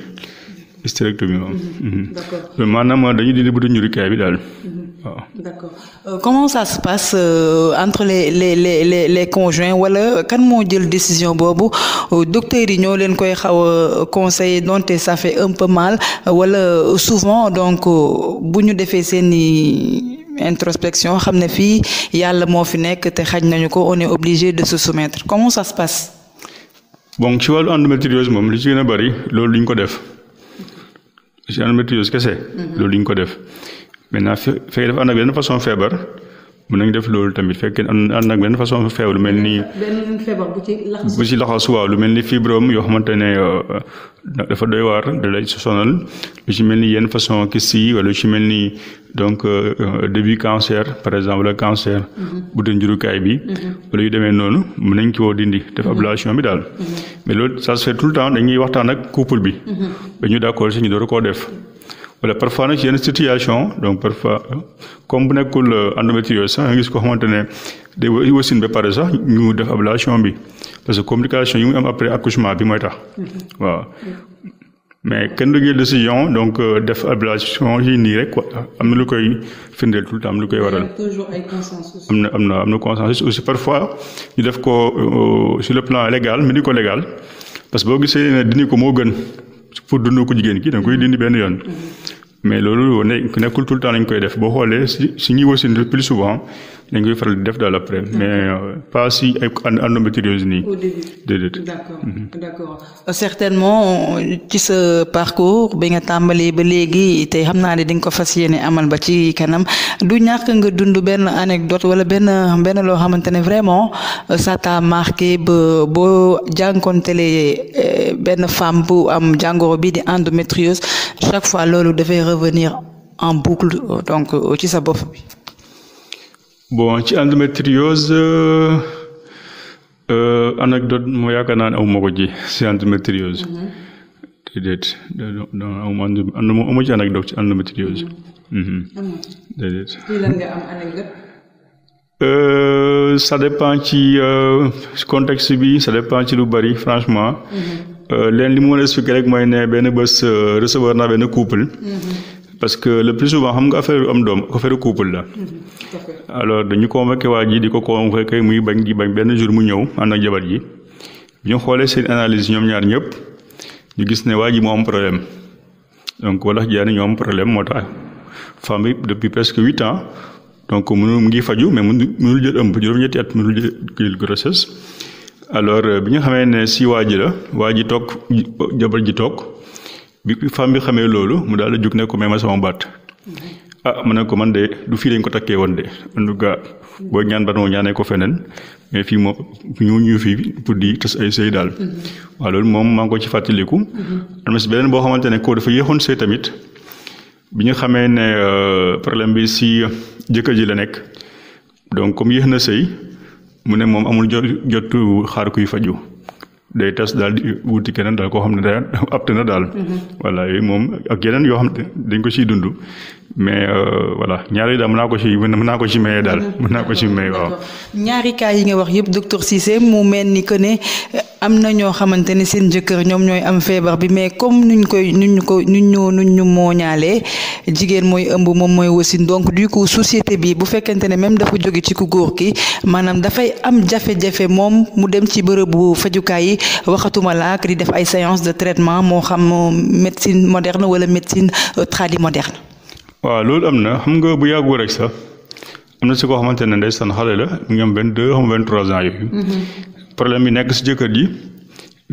hystérectomie waaw. Mhm. d'accord maanaam dañuy dindi bëtu njurikaay bi daal. Mhm. d'accord euh, comment ça se passe euh, entre les les les les les conjoints wala kan moo jël décision boobu euh, docteur yi ñoo leen koy xaw a conseiller donte ça fait un peu mal wala souvent donc euh, bu ñu defee seeni introspection xam ne fii yàlla moo fi nekk te xaj nañu ko on est obligé de se soumettre comment ça se passe. bon ci wàllu endométriose moom li ci gën a bari loolu duñ ko def ci endométriose kese. Mhm. loolu duñ ko def. maintenant su fekkee dafa ànd ak benn façon feebar mën nañ def loolu tamit fekkee ànd ak benn façon feebar lu mel ni. benn feebar bu ci lu mel ni fibrome yoo xamante ne euh, euh, dafa doy waar da lay sonal lu ci mel ni yenn façon kyste yi wala lu ci mel ni donc euh, début cancer par exemple le cancer. Mm-hmm. bu dee njurukaay bi. Mm-hmm. wala yu demee noonu mën nañ koo dindi def mm-hmm. ablation bi daal. mais loolu sa se fait tout le temps dañuy waxtaan ak couple bi. ba ñu d'accord si ñu door koo def. wala parfois nag yenn situation donc parfois comme bu nekkul euh, endométriose sax nga gis ko xamante ne day wasin ba pare sax ñu def ablation bi parce que communication yi mu am après accouchement bi mooy tax mm-hmm. waaw mais kenn du jël décision donc euh, def ablation yi nii rek am na lu koy firndeel tout le temps am na lu koy waral. am na am na am na consensus aussi parfois ñu def ko euh, sur le plan légal médico-légal parce que boo gisee ne dindi ko moo gën pour dund ko jigéen ki da nga koy benn yoon. Mm-hmm. mais loolu nekkul tout le temps lañ koy def boo xoolee si si niveau si le plus souvent dañ koy faral def dans l' après mais euh, pas si ay endométriose nii. au début déedéet. Mhm. certainement ci sa parcours bi nga tàmbalee ba léegi tey xam naa ne di nga ko fas yéene amal ba ci kanam du ñàkk nga dund benn anecdote wala benn benn loo xamante ne vraiment ça t'a marqué ba boo jànkoontelee eh, benn femme am jàngoro bi di endométriose chaque fois loolu dafay. revenir en boucle euh, donc euh, ci sa bopp bi. bon ci endométriose euh, anecdote moo yaakaar naa ne amu ma ko ji si endométriose. Mhm. déedéet donc amuma amuma amu ci anecdote ci endométriose. Mhm. Mhm. déedéet. fii lan dépend ci contexte bi ça dépend ci lu bari franchement. Euh, leen li mu mën a expliquer rek mooy ne benn bés euh, recevoir naa benn couple. Mm-hmm. parce que le plus souvent xam nga affaire am doom affaire couple la. Mm-hmm. alors dañu convoqué waa ji di ko convoqué muy bañ di bañ benn jour mu ñëw ànd ak jabar ji ñu xoole seen analyse ñoom ñaar ñëpp ñu gis ne waa ji moo am problème donc wala jaani ñoo problème moo tax femme bi depuis presque huit ans donc mënu mu ngi faju mais mënul mënul jël ëmb juróom-ñetti at nu jël grossesse. alors euh, bi nga xamee ne si waa ji la waa ji toog jabar ji toog bi femme bi xamee loolu mu daal di jug ne ko may ma sama baat ah mu ne ko man de du fii lañ ko takkee woon de en tout cas boo ñaan baat moom ñaanee ko feneen mais fii moom ñu ñu fii pour di tas ay sëy daal. waaw loolu moom maa ngi ko ci fàttaliku. am si beneen boo xamante ne ko dafa yéexoon sëy tamit bi ñu xamee ne euh, problème bi si jëkkër ji la nekk donc comme yéex na sëy mu ne moom amul jot jotu xaar kuy faju day tas daal di wuti keneen daal koo xam ne day apte na daal. voilà mm-hmm. yooyu moom ak yeneen yoo xam ne dañ ko siy dund. mais euh, voilà ñaari daal mën naa ko ci mën naa ko ci maye daal mm-hmm. mën naa ko ci maye waaw. ñaari cas yi nga wax yëpp docteur Cissé mu mel ni que ne euh, am na ñoo xamante ne seen jëkkër ñoom ñooy am feebar bi mais comme nuñ koy nuñ ko nu ñu nuñ ñu mooñaalee jigéen mooy ëmb moom mooy wasin donc du ko société bi bu fekkente ne même dafa jóge ci ku góor ki maanaam dafay am jafe-jafe moom mu dem ci bërëbu fajukaay yi waxatuma la ak di def ay séance de traitement moo xam euh, médecine moderne wala médecine tradi moderne. waaw loolu am na xam nga bu yàggoo rek sax am na si koo xamante ne ndeysaan xale la mu ngi am vingt deux xam vingt trois ans yooyu. Mm-hmm. problème bi nekk si jëkkër ji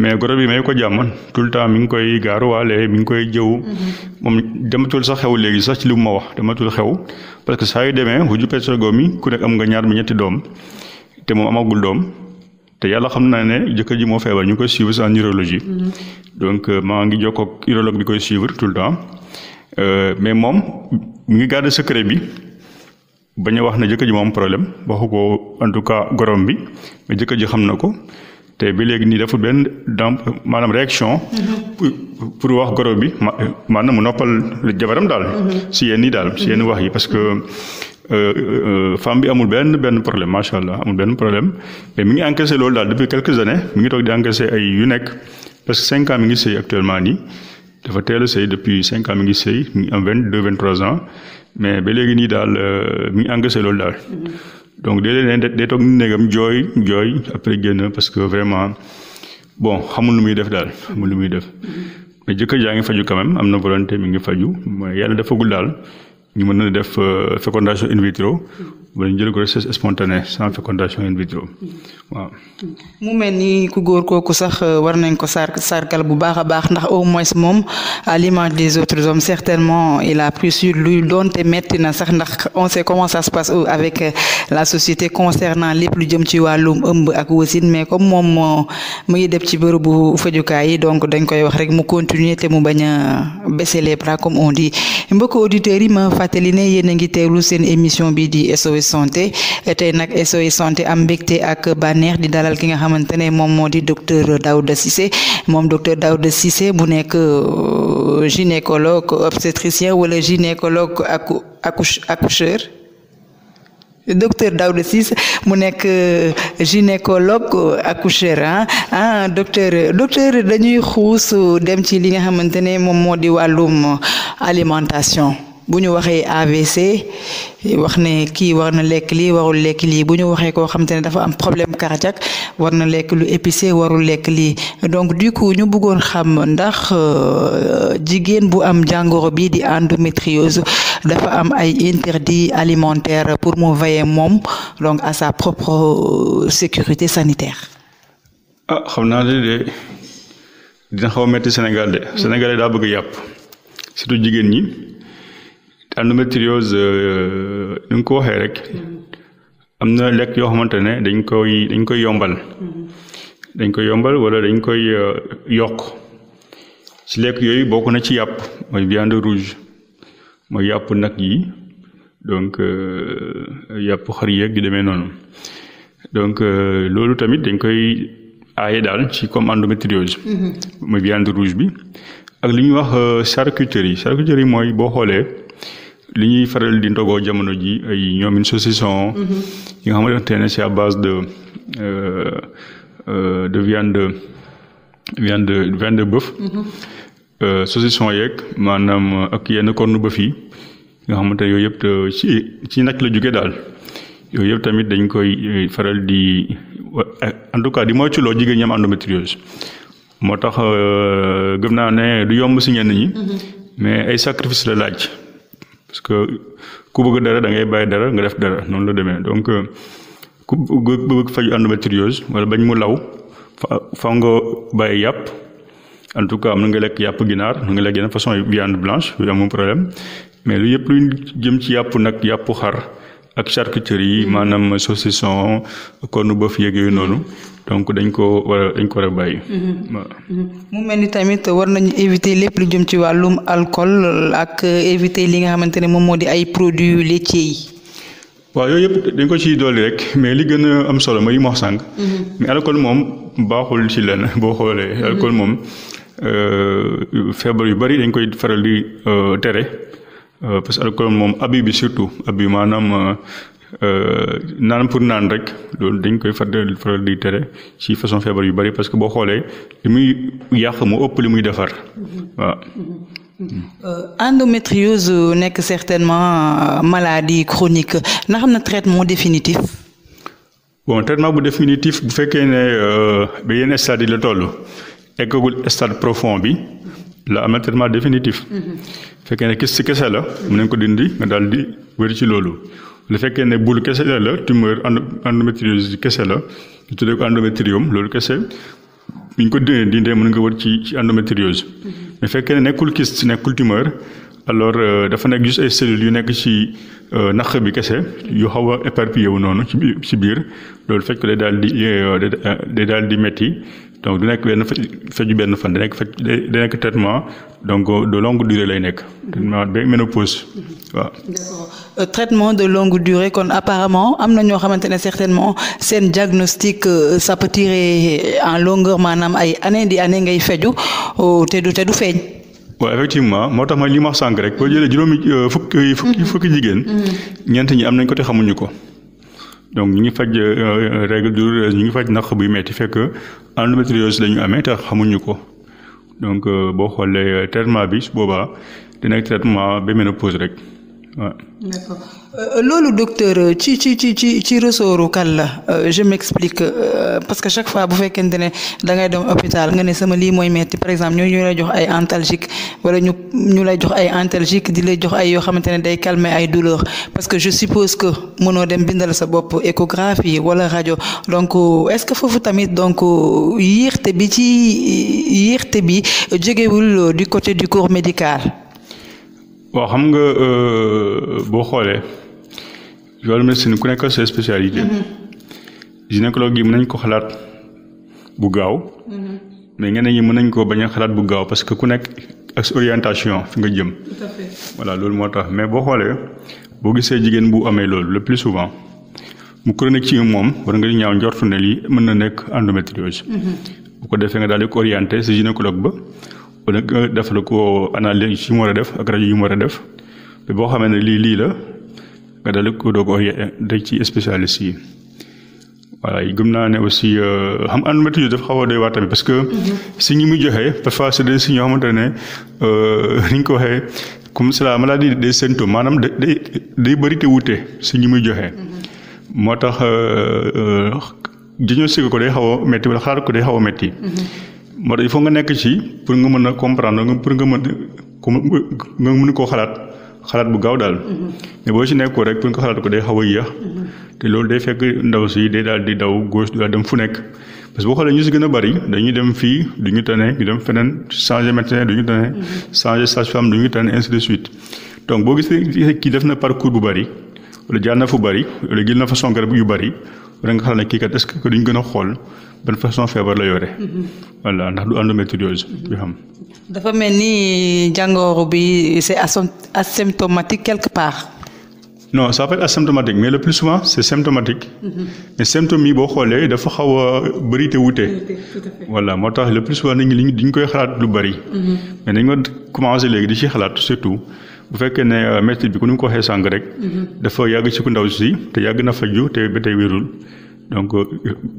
mais goro yi may ko jàmm tout le temps mi ngi koy gaaruwaale mi ngi koy jëw. Mm-hmm. moom dematul sax xew léegi sax ci li mu ma wax dematul xew parce que saa yu demee bu jubbee sorgho mi ku nekk am nga ñaar bi ñetti doom te moom amagul doom. te yàlla xam naa ne jëkkër ji moo feebar ñu koy suivre en urologie mm-hmm. donc euh, maa ngi jokkoo ak urologue bi koy suivre tout le temps Euh, mais moom mu ngi garder secret bi bañ a wax na jëkkër ji moom problème waxu ko en tout cas gorom bi mais jëkkër ji xam na ko te bi léegi nii dafa benn damp maanaam réaction. pour wax gorom bi ma maanaam mu noppal jabaram daal. si yenn yi daal si yenn wax yi parce que. Euh, euh, femme bi amul benn benn problème macha allah amul benn problème mais mi ngi encaissé loolu daal depuis quelques années mi ngi toog di encaissé ay yu nekk parce que cinq ans mi ngi sëy actuellement nii dafa teel a sëy depuis cinq ans mi ngi sëy mi ngi am vingt deux vingt trois ans mais ba léegi nii daal euh, mi ngi engagé loolu daal. donc day leen day toog ni néegam jooy jooy après génn parce que vraiment bon xamul lu muy def daal xamul lu muy def mais jëkkër jaa ngi faju quand am na volonté mi ngi faju mooy yàlla defagul daal ñu mën na def euh, fécondation in vitro wala ñu jël mu mel ni ku góor kooku sax euh, war nañ ko sar sarkal bu baax a baax ndax au moins moom à l'image des autres hommes certainement il a plus sur lui doonte metti na sax ndax on sait comment ça se passe avec euh, la société concernant lépp lu jëm ci wàllum ëmb ak wasin mais comme moom mu ngi def ci bërëbu fajukaay yi donc dañ koy wax rek mu continuer te mu bañ a baisser les bras comme on dit mbokk auditeurs yi ma fàttali ne yéen ngi teewlu seen émission bi di SOS SOS santé tey nag SOS santé am mbégte ak bànneex di dalal ki nga xamante ne moom moo di docteur Daouda Cissé moom docteur de Cissé mu nekk euh, gynécologue obstétricien wala gynécologue ak accouche accoucheur docteur Daouda Cissé mu nekk euh, gynécologue accoucheur ah ah docteur docteur dañuy xuus dem ci li nga xamante ne moom moo di wàllum alimentation bu ñu waxee AVC wax ne kii war na lekk lii warul lekk lii bu ñu waxee koo xam te dafa am problème cardiaque war na lekk lu épicé warul lekk lii donc du coup ñu bëggoon xam ndax euh, jigéen bu am jàngoro bi di endométriose dafa am ay interdit alimentaire pour mu veiller moom donc à sa propre euh, sécurité sanitaire. ah xam naa de dina xaw a metti Sénégal de mm. Sénégal daa bëgg yàpp surtout jigéen ñi. endométriose euh, nu nga ko waxee rek am na lekk yoo xamante ne dañ koy dañ koy yombal dañ koy yombal wala dañ koy euh, yokk ci lekk yooyu bokk na ci yàpp mooy viande rouge mooy yàpp nag yi donc euh, yàpp xar yeeg di demee noonu donc loolu tamit dañ koy aaye daal ci comme endométriose mm-hmm. mooy viande rouge bi ak li ñuy wax charcuterie charcuterie mooy boo xoolee li ñuy faral di ndogo jamono ji ay ñoomin saucisson mm-hmm. yi nga xamante ne c'est à base de euh, euh, de viande viande viande de bœuf mm-hmm. euh, saucisson yeeg maanaam ak yenn cornu bœuf yi nga xamante ne yooyu yëpp ci ci nag la jóge daal yooyu yëpp tamit dañ koy eh, faral di eh, en tout cas di mooy loo jigéen ñi am endométriose moo tax gëm naa ne du yomb si ñenn ñi mm-hmm. mais ay sacrifice la laaj parce que ku bëgg dara da ngay bàyyi dara nga def dara noonu la demee donc euh, ku bëgg faju endométriose wala bañ mu law fa nga bàyyi yàpp en tout cas mën ngi lekk yàpp ginaar mën ngi lekk yenn façon viande blanche yu amul problème mais lu yëpp luy jëm ci yàpp nag yàpp xar ak charcuterie yi maanaam saucisson kon bœuf yeeg yooyu noonu donc dañ ko war a dañ ko war a bàyyi. Mhm. Mhm. mu mel ni tamit war nañu éviter lépp lu jëm ci wàllum alcool ak éviter li nga xamante ne moom moo di ay produits laitiers yi. waaw yooyu yëpp dañ ko ciy dolli rek mais li gën a am solo mooy moo sànq. Mhm. mais alcool moom baaxul ci lenn boo xoolee. alcool moom euh, feebar yu bari dañ koy faral di euh, tere. Euh, parce que moom abi bi surtout abi maanaam euh, euh, naan pour naan rek loolu dañ koy faral faral di tere ci façon feebar yu bari parce que boo xoolee li muy yàq mu ëpp li muy defar waaw. endométriose nekk certainement maladie chronique ndax am na traitement définitif. bon traitement bu définitif bu fekkee ne ba yenn stade yi la toll eggagul stade profond bi. la am na traitement définitif. Mhm. fekkee ne kis ci kese la mu ne ko dindi nga daal di wér ci loolu lu fekkee ne bul kese la tumeur endométriose kese la ñu tuddee ko endométrium loolu kese bu ñu ko dindee mën nga wër ci ci endométriose. Mhm. mais fekkee ne nekkul kyste nekkul tumeur alors euh, dafa nekk juste ay cellules yu nekk ci euh, naq bi kese yu xaw a éparpillé wu noonu ci biir ci biir loolu fekk day daal di euh, day daal di métti. donc du nekk benn faju benn fan du nekk faj du nekk traitement donc de longue durée lay nekk. traitement ba ménopause waaw. Euh, traitement de longue durée kon apparemment am na ñoo xamante ne certainement seen diagnostic euh, ça peut tirer en longueur maanaam ay année di année ngay feju euh, te du te du feeñ. waa effectivement moo tax ma li ma sànq rek boo jëlee juróomi fukki fukki fukki jigéen. Mm-hmm. ñeent ñi am nañ ko te xamuñu ko. donc ñu ngi faj euh, euh, règle douloureuse ñu ngi faj naq yi metti fekk endométriose la ñu amee te xamuñu ko donc euh, boo xoolee traitement bi su boobaa dina nekk traitement ba ménopause rek waaw. Euh, loolu docteur ci ci ci ci ci resooru kan la euh, je m'explique euh, parce que chaque fois bu fekkente ne da ngay dem hôpital nga ne sama lii mooy metti par exemple ñoo ñu lay jox ay antalgique wala ñu ñu lay jox ay antalgique di lay jox ay yoo xamante ne day calmer ay douleur parce que je suppose que mënoo dem bindal sa bopp échographie wala rajo donc est-ce que foofu tamit donc yéexte bi ci yéexte bi jógewul du côté du corps médical waaw xam nga euh, boo xoolee wàllu médecine ku nekk sa spécialité. Mhm. gynécologue yi mën nañ ko xalaat bu gaaw. Mhm. mais ñeneen ñi mën nañ ko bañ xalaat bu gaaw parce que ku nekk ak sa orientation fi nga jëm. tout voilà loolu moo tax mais boo xoolee boo gisee jigéen bu amee loolu le plus souvent mu chronique ci moom war nga ñaaw njortu ne lii mën na nekk endométriose. Mhm. bu ko defee nga daal di ko orienté sa gynécologue ba. Euh, def la ko analyse yu mu war a def ak rajo yu mu war a def boo xamee ne lii lii la nga dal ko doog a ci spécialiste yi voilà gëm naa ne aussi euh, xam an météo dafa xaw a doy waar tamit parce que. Mhm. si ñi muy joxe parfois c'est des signes yoo xamante euh, ko waxee comme c'est la maladie des maanaam day day bëri te wuute si ñi muy joxe. Mhm. moo tax jëñoo si ko day xaw a métti wala ko day xaw a métti. Mhm. moo tax foo nga nekk ci pour nga mën a comprendre nga pour nga mën nga mën koo xalaat xalaat bu gaaw daal. Mm-hmm. mais boo ci nekkoo rek pour nga xalaat ko day xaw a yéex. Mm-hmm. te loolu day fekk ndaw si day daal di daw gauche daal dem fu nekk parce que boo xoolee ñu si gën a bari dañuy dem fii du ñu tane ñu dem feneen changer médecin du ñu tane. Mm-hmm. changer sage-femme du ñu tane ainsi de suite donc boo gisee kii def na parcours bu bari wala jaar na fu bari wala jël na façon garab yu bari. da nga xam ne kii kat est-ce que duñ gën a xool ban façon feebar la yore. voilà ndax du endométriose bi xam. dafa mel ni jàngoro bi c'est asymptomatique quelque part. non ça peut être asymptomatique mais le plus souvent c'est symptomatique. mais symptômes yi boo xoolee dafa xaw a bëri te wuute. voilà moo tax le plus souvent nit ñi dañ koy xalaat lu bëri. Mhm. mais dañ ko commencé léegi di ci xalaat surtout. bu fekkee ne euh, métti bi ku nu mu ko waxee sànq rek. Mhm. dafa yàgg ci ku ndaw si te yàgg na faju te ba tey wérul donc euh,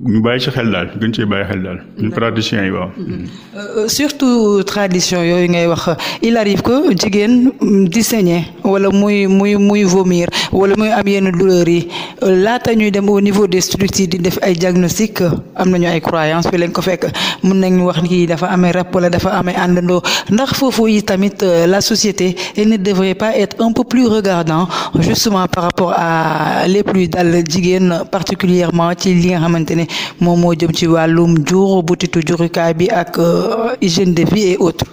ñu bàyyi ci xel daal gën cee bàyyi xel waaw. Mm-hmm. Euh, surtout tradition yooyu ngay wax il arrive que jigéen di saigner wala muy muy muy vomir wala muy am yenn douleurs yi laata ñuy dem au niveau des structures di def ay diagnostic am nañu ay croyances fi lañ ko fekk mun nañ wax ni dafa amee rab wala dafa amee àndandoo ndax foofu yi tamit euh, la société elle ne devrait pas être un peu plus regardant justement par rapport à les plus dal jigéen particulièrement ci li nga xamante ne moom moo jëm ci wàllum jur butitu jurukaay bi ak euh, hygiène de vie et autres.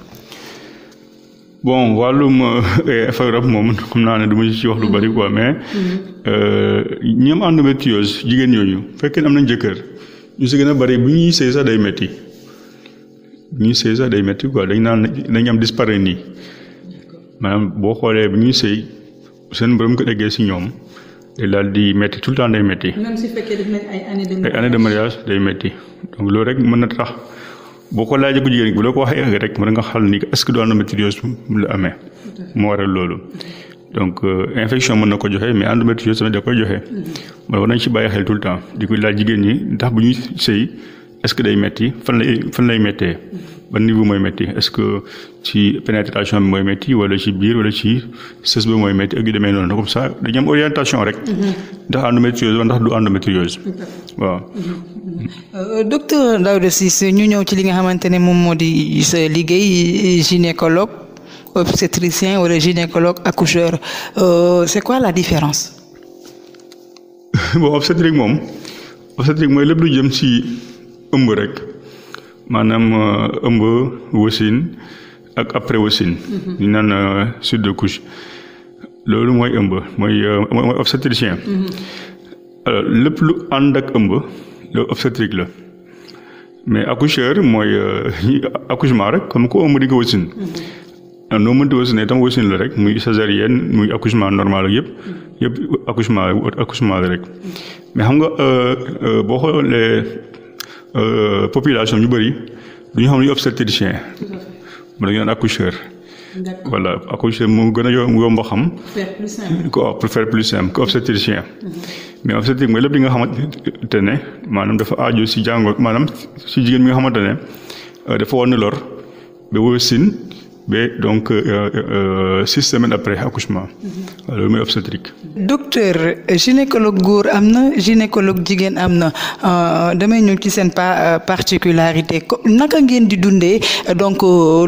bon wàllum euh, affaire rab moom xam naa ne du ma ci wax lu bari mm-hmm. quoi mais mm-hmm. euh, ñi am endométriose jigéen ñooñu fekkee am nañ njëkkër ñu si gën a bari bu ñuy sëy sax day metti bu ñuy sëy sax dañ naan dañ am disparé nii maanaam boo xoolee bu ñuy sëy seen borom ko eggee si ñoom. day daal di métti tout day métti. même ay années de mariage day métti donc loolu rek mën na tax boo ko laajee ku jigéen bu loo ko waxee ëgg rek mën nga xal ni est ce que doon na endométriose la amee. moo waral loolu. donc euh, infection mën na ko joxe mais endométriose tamit da koy joxe. wala mm-hmm. war nañ ci bàyyi xel tout le temps di ko laaj jigéen ñi ndax bu ñuy sëy est-ce que day métti fan lay fan lay méttee ban niveau mooy métti est-ce que ci pénétration bi mooy métti wala ci biir wala ci sës bi mooy métti ak yu demee noonu comme ça dañu am orientation rek. Mm-hmm. ndax endométriose ndax du endométriose. Mm-hmm. waaw. Euh, docteur Daouda Cissé ñu ñëw ci li nga xamante ne moom moo di sa liggéey gynécologue obstétricien wala gynécologue accoucheur euh, c'est quoi la différence. bon obstétrique moom obstétrique mooy lépp lu jëm ci. ëmb rek maanaam euh, ëmb wasin ak après wasin mhm. ñu naan euh, suite de couche loolu mooy ëmb mooy euh, mooy obstétricien mhm. lépp lu ànd ak ëmb loolu obstétrique la mais accoucheur mooy accouchement rek comme ko ëmb di ko wasin mhm. noo mënti wasin tam wasin la rek muy césarienne muy accouchement normal ak yëpp yëpp accouchement rek mais xam nga boo xoolee Euh, population ñu bëri du xam ne obstétricien mu dañu a accoucheur voilà accoucheur mu gën a yomb a xam ko pour faire plus mm-hmm. mais obstétrique mooy lépp li nga xamante ne maanaam dafa aajo si jàngo maanaam si jigéen bi nga xamante ne euh, dafa war na lor ba woyosin ba donc euh, euh, euh, six semaines après accouchement mhm. loolu mooy góor am na gynécologue jigéen am na damay ñëw ci seen pa particularité naka ngeen di dundee donc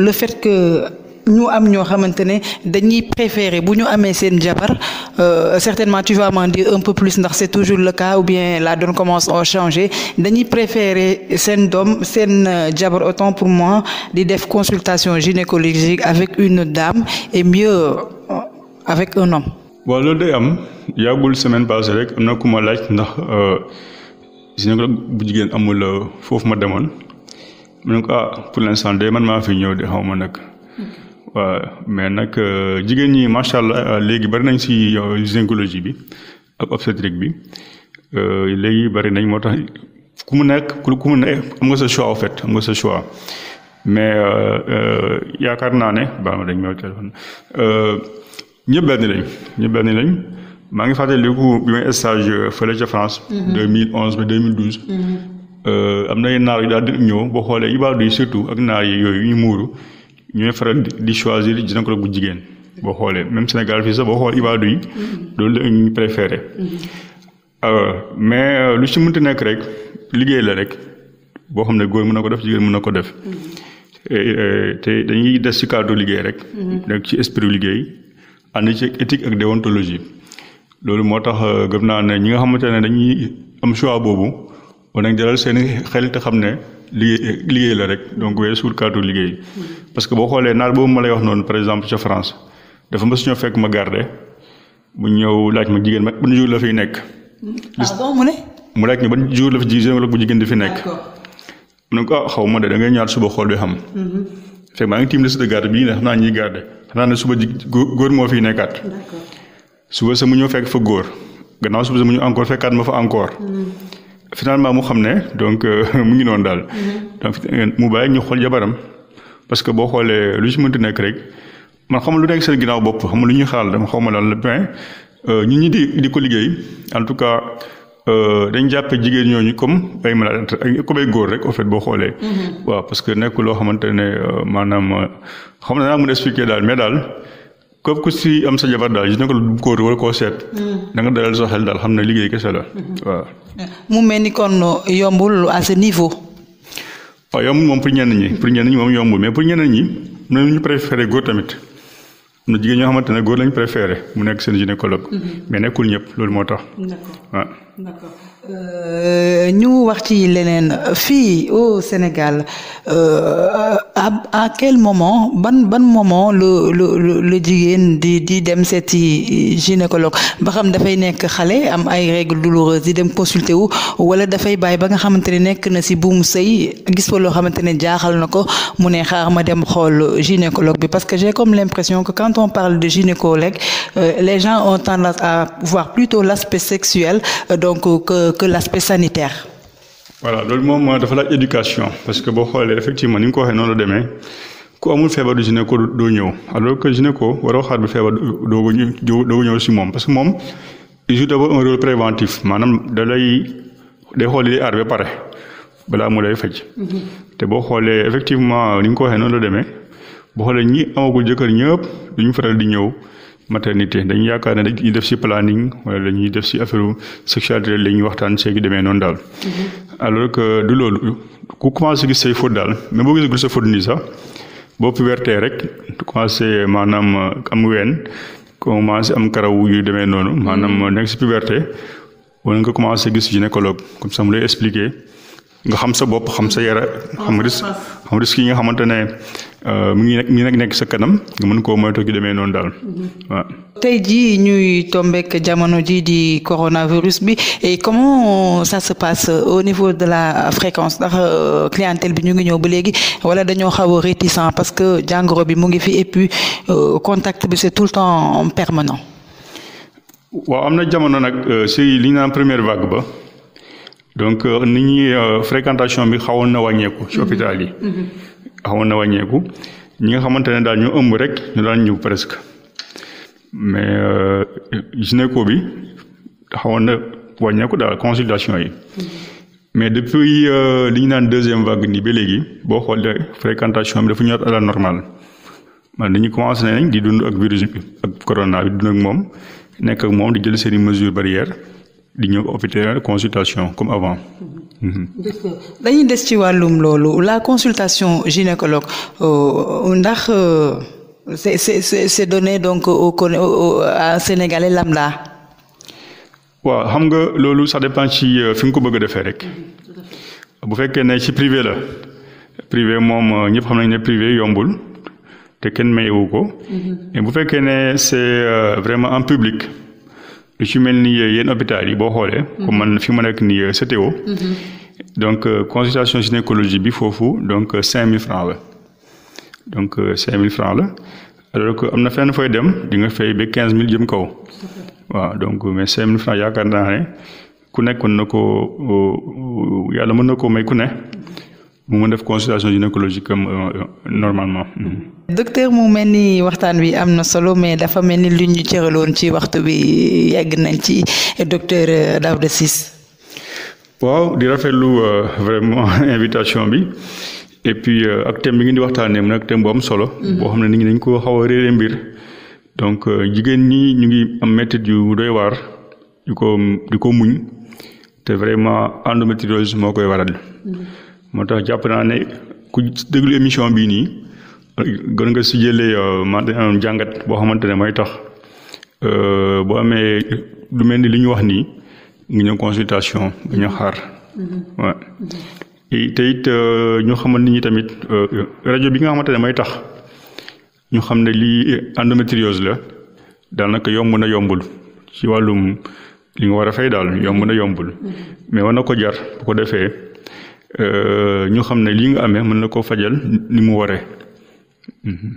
le fait que. ñu am ñoo xamante ne dañuy préférer bu ñu amee seen jabar euh, certainement tu vas m'en un peu plus ndax c'est toujours le cas ou bien la donne commence à changer dañuy préférer seen doom seen euh, jabar autant pour moi di def consultation gynécologique avec une dame et mieux euh, avec un homme. waaw loolu day am yàggul semaine passée rek am na ma laaj ndax gynécologue bu jigéen amul foofu ma demoon mu ne ko ah pour l'instant day man maa fi ñëw di xaw ma waaw mais nag euh, jigéen ñi macha allah euh, léegi bari nañ si euh, gynécologie bi ak obstétrique bi léegi bari nañ moo tax ku mu nekk ku mu nekk am nga sa choix en fait am nga sa choix mais yaakaar naa ne baal ma dañ ma téléphone ñëpp benn lañ ñëpp lañ maa ngi fàttaliku bi may stage fële ca France. 2011 mhm. ba 2012. Mhm. am na ay naar yi daal di ñëw boo xoolee ibaadu yi surtout ak naar yi yooyu ñu muuru. ñooy faral di choisir gynécologue bu jigéen boo xoolee même Sénégal fii sax boo xool ibaadu yi mm-hmm. loolu la ñu préféré mm-hmm. euh, mais euh, lu si ci mënti nekk rek liggéey la rek boo xam ne góor mun na ko def jigéen mun na ko def mm-hmm. euh, te dañuy des ci cadre liggéey rek nekk ci esprit liggéey ànd ci éthique ak déontologie loolu moo tax gëm naa ne ñi nga xamante ne dañuy am choix boobu war nañ dalal seen xel te xam ne liggéey liggéey la rek donc weesuwul cadre liggéey parce que boo xoolee naar boobu ma lay wax noonu par exemple ca France dafa mës ñoo fekk ma garde mu ñëw laaj ma jigéen ma ban la fiy nekk. Ah, mu ne. mu laaj ma ban jour la fi bu jigéen di fi nekk. mu ko ah, xaw ma de da ngay ñaar suba xool bi xam. Mm-hmm. fekk maa ngi tiim liste de garde bii ne naa ñuy garde xanaa ne suba ji góor moo fiy nekkaat. suba sa mu ñëw fekk fa góor gannaaw suba sa mu ñëw encore fekkaat ma fa encore. Mm-hmm. finalement mu xam ne donc euh, mu ngi noonu daal. Mm-hmm. donc euh, mu bàyyi ñu xool jabaram parce que boo xoolee lu ci mënti nekk rek man xam lu nekk seen ginnaaw bopp xam lu ñuy xaal dama xaw ma daal mais euh, ñun ñi di di ko liggéey en tout cas dañ jàppee jigéen ñooñu comme ay a comme ay góor rek au fait boo xoolee. Mm-hmm. waaw parce que nekk loo xamante ne maanaam xam naa mun expliquer daal mais daal. képp ku si am sa jabar daal gis nga ko bu ko wala koo seet. da mm. nga dalal sa xel daal xam ne liggéey kese la mm-hmm. waaw. mu mel ni kon yombul à ce niveau. waaw yomb moom pour ñenn ñi pour ñenn ñi moom yombul mais pour ñenn ñi ñun ñu préféré góor tamit am na jigéen ñoo xamante ne góor lañ préféré mu nekk seen gynécologue. Mm-hmm. mais nekkul ñëpp loolu moo tax. d'accord Euh, ñu wax ci leneen fii au Sénégal euh, à à quel moment ban ban moment le le le jigéen di di dem seeti gynécologue ba xam dafay nekk xale am ay règles douloureuses di dem consulter wu wala dafay bàyyi ba nga xamante ne nekk na si buum sëy gis fa loo xamante ne jaaxal na ko mu ne xaar ma dem xool gynécologue bi parce que j'ai comme l'impression que quand on parle de gynécologue euh, les gens ont tendance à voir plutôt l'aspect sexuel donc que que l'aspect sanitaire. voilà loolu moom euh, dafa laaj éducation parce que boo xoolee effectivement ni nga ko waxee noonu la demee ku amul feebaru gynéco doo ñëw alors que gynéco waroo xaar bu feebar doo doo doo ñëw si moom parce que moom il joue d'abord un préventif maanaam da lay day xool yi aar ba pare balaa mu lay faj. Mm-hmm. te boo xoolee effectivement ni nga ko waxee noonu la demee boo xoolee ñi amagul jëkkër ñëpp ñu faral di ñëw. maternité dañu yaakaar ne dañuy def ci planning wala dañuy def ci affaire sexualité la ñuy waxtaan seegi demee noonu daal. Mm-hmm. alors que du loolu ku commencé gis say faute daal mais boo gisee sa faute nii sax boo puberté rek commencé maanaam am ween commencé am karaw yu demee noonu maanaam mm-hmm. nekk ci puberté wala nga commencé gis gynécologue comme ça mu lay expliquer. nga xam sa bopp xam sa yara xam risque xam risque yi nga xamante ne euh, mu ngi nekk mi ngi nekk sa kanam nga mën koo moytu ki demee noonu daal mhm. waaw. tey jii ñuy tombek jamono ji di coronavirus bi et comment ça se passe au niveau de la fréquence ndax euh, clientèle bi ñu ngi ñëw ba léegi wala dañoo xaw a réticent parce que jàngoro bi mu ngi fi et puis euh, contact bi c'est tout le temps permanent. waaw am na jamono nag si li nga naan première vague ba. donc euh, ni ñi euh, fréquentation bi xawoon na wàññeeku ci hôpital yi mm-hmm. Mm-hmm. xawoon na wàññeeku ñi nga xamante ne daal ñu ëmb rek ñu daan ñëw presque mais euh, gynéco bi xawoon na wàññeeku daal consultation yi mm-hmm. mais depuis li ñu naan deuxième vague nii ba léegi boo xoolee fréquentation bi dafa ñëwaat à la normale man dañu commencé nañ di dund ak virus bi ak corona bi dund ak moom nekk ak moom di jël seeni mesures barrières di ñëw hôpital consultation comme avant. Mm-hmm. Mm-hmm. dañuy des ci wàllum loolu la consultation gynécologue euh, ndax euh, c'est c'est c'est donné donc au au Sénégalais lambda. waaw xam nga loolu ça dépend ci euh, fi nga ko bëgg a defee rek mm-hmm. bu fekkee ne ci privé la privé moom ñëpp xam nañ ne privé yombul te kenn mayewu ko. bu fekkee ne c'est vraiment en public. lu ci mel ni yenn hôpital yi boo xoolee. comme man mhm. fi ma nekk nii euh, CTO. Mhm. donc euh, consultation gynécologie bi foofu donc euh, cinq mille francs la donc cinq mille francs la alors que am na fenn fooy dem di nga fay bi quinze mille jëm kaw. waaw donc mais cinq mille francs yaakaar naa ne ku nekk mën na ko yàlla mën na ko may ku ne. mu mën def consultation gynécologique comme euh, euh, normalement. Mhm. docteur mu mel ni waxtaan wi am na solo mais dafa mel ni lu ñu cëraloon ci waxtu bi yegg nañ ci docteur euh, Daouda Ciss. waaw di rafetlu vraiment invitation bi. et puis ak bi ngeen di waxtaanee nag thème am solo. Mhm. boo xam ne nit ñi dañ ko xaw a réeree mbir. donc jigéen ñi ñu ngi am métit yu doy waar di ko di ko muñ te vraiment endométriose moo koy waral. Mhm. moo tax jàpp naa ne ku déglu émission bii nii gën nga si jëlee euh, maanaam jàngat boo xamante ne mooy tax euh, boo amee lu mel ni li ñu wax nii nga ñëw consultation nga ñëw xaar. waaw mm-hmm. te it euh, ñu xamal nit ñi tamit rajo bi nga xamante ne mooy tax ñu xam ne lii endométriose la daanaka yomb na yombul ci wàllum li nga war a fay daal yomb na yombul mm-hmm. mais war na ko jar bu ko defee. Euh, ñoo xam ne lii nga amee mën na koo fajal ni mu waree Mm-hmm.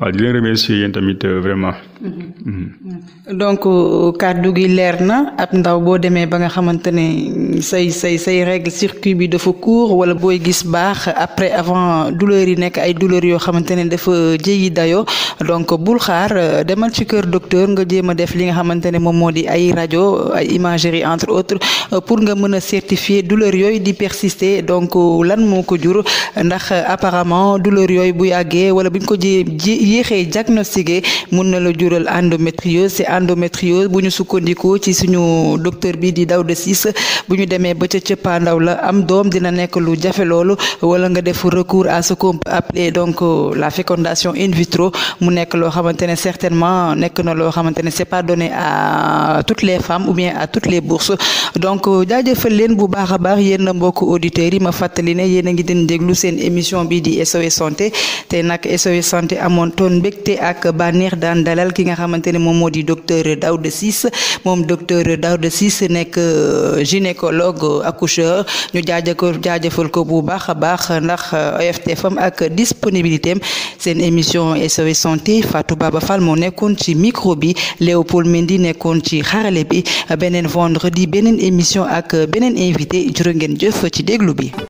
waaw di leen euh, mm-hmm. Mm-hmm. donc euh, kàddu gi leer na ab ndaw boo demee ba nga xamante ne say say say règle circuit bi dafa court wala booy gis baax après avant douleurs yi nekk ay douleurs yoo xamante ne dafa jéggi dayo donc bul xaar euh, demal ci kër docteur nga jéem a def li nga xamante ne moom moo di ay rajo ay imagerie entre autres pour nga mën a certifier douleurs yooyu di persister donc lan moo ko jur ndax apparemment douleurs yooyu bu yàggee wala bu ñu ko jiyee yéexee diagnostiqué mun na la jural endométriose c'est endométriose bu ñu sukkandikoo ci suñu docteur bi di Daouda Ciss bu ñu demee ba ca ndaw la am doom dina nekk lu jafe loolu wala nga def recours à ce qu'on peut donc euh, la fécondation in vitro mu nekk loo xamante ne certainement nekk na loo xamante ne c'est pas donné à toutes les femmes ou bien à toutes les bourses donc euh, jaajëfal leen bu baax baax yéen mbokk auditeurs yi ma fàttali ne yéen ngi den déglu seen bi SOS santé amoon toon mbégte ak bànneex daan dalal ki nga xamante ne moom moo di docteur Daouda Ciss moom docteur Daouda Ciss nekk euh, gynécologue accoucheur ñu jaaja jaajako jaajëfal ko bu baax a baax ndax euh, OFT fam ak disponibilité seen émission SOS santé Fatou Baba Fall moo nekkoon ci micro bi Léopold Mendy nekkoon ci xarale bi beneen vendredi beneen émission ak euh, beneen invité jërë ngeen jëf ci déglu bi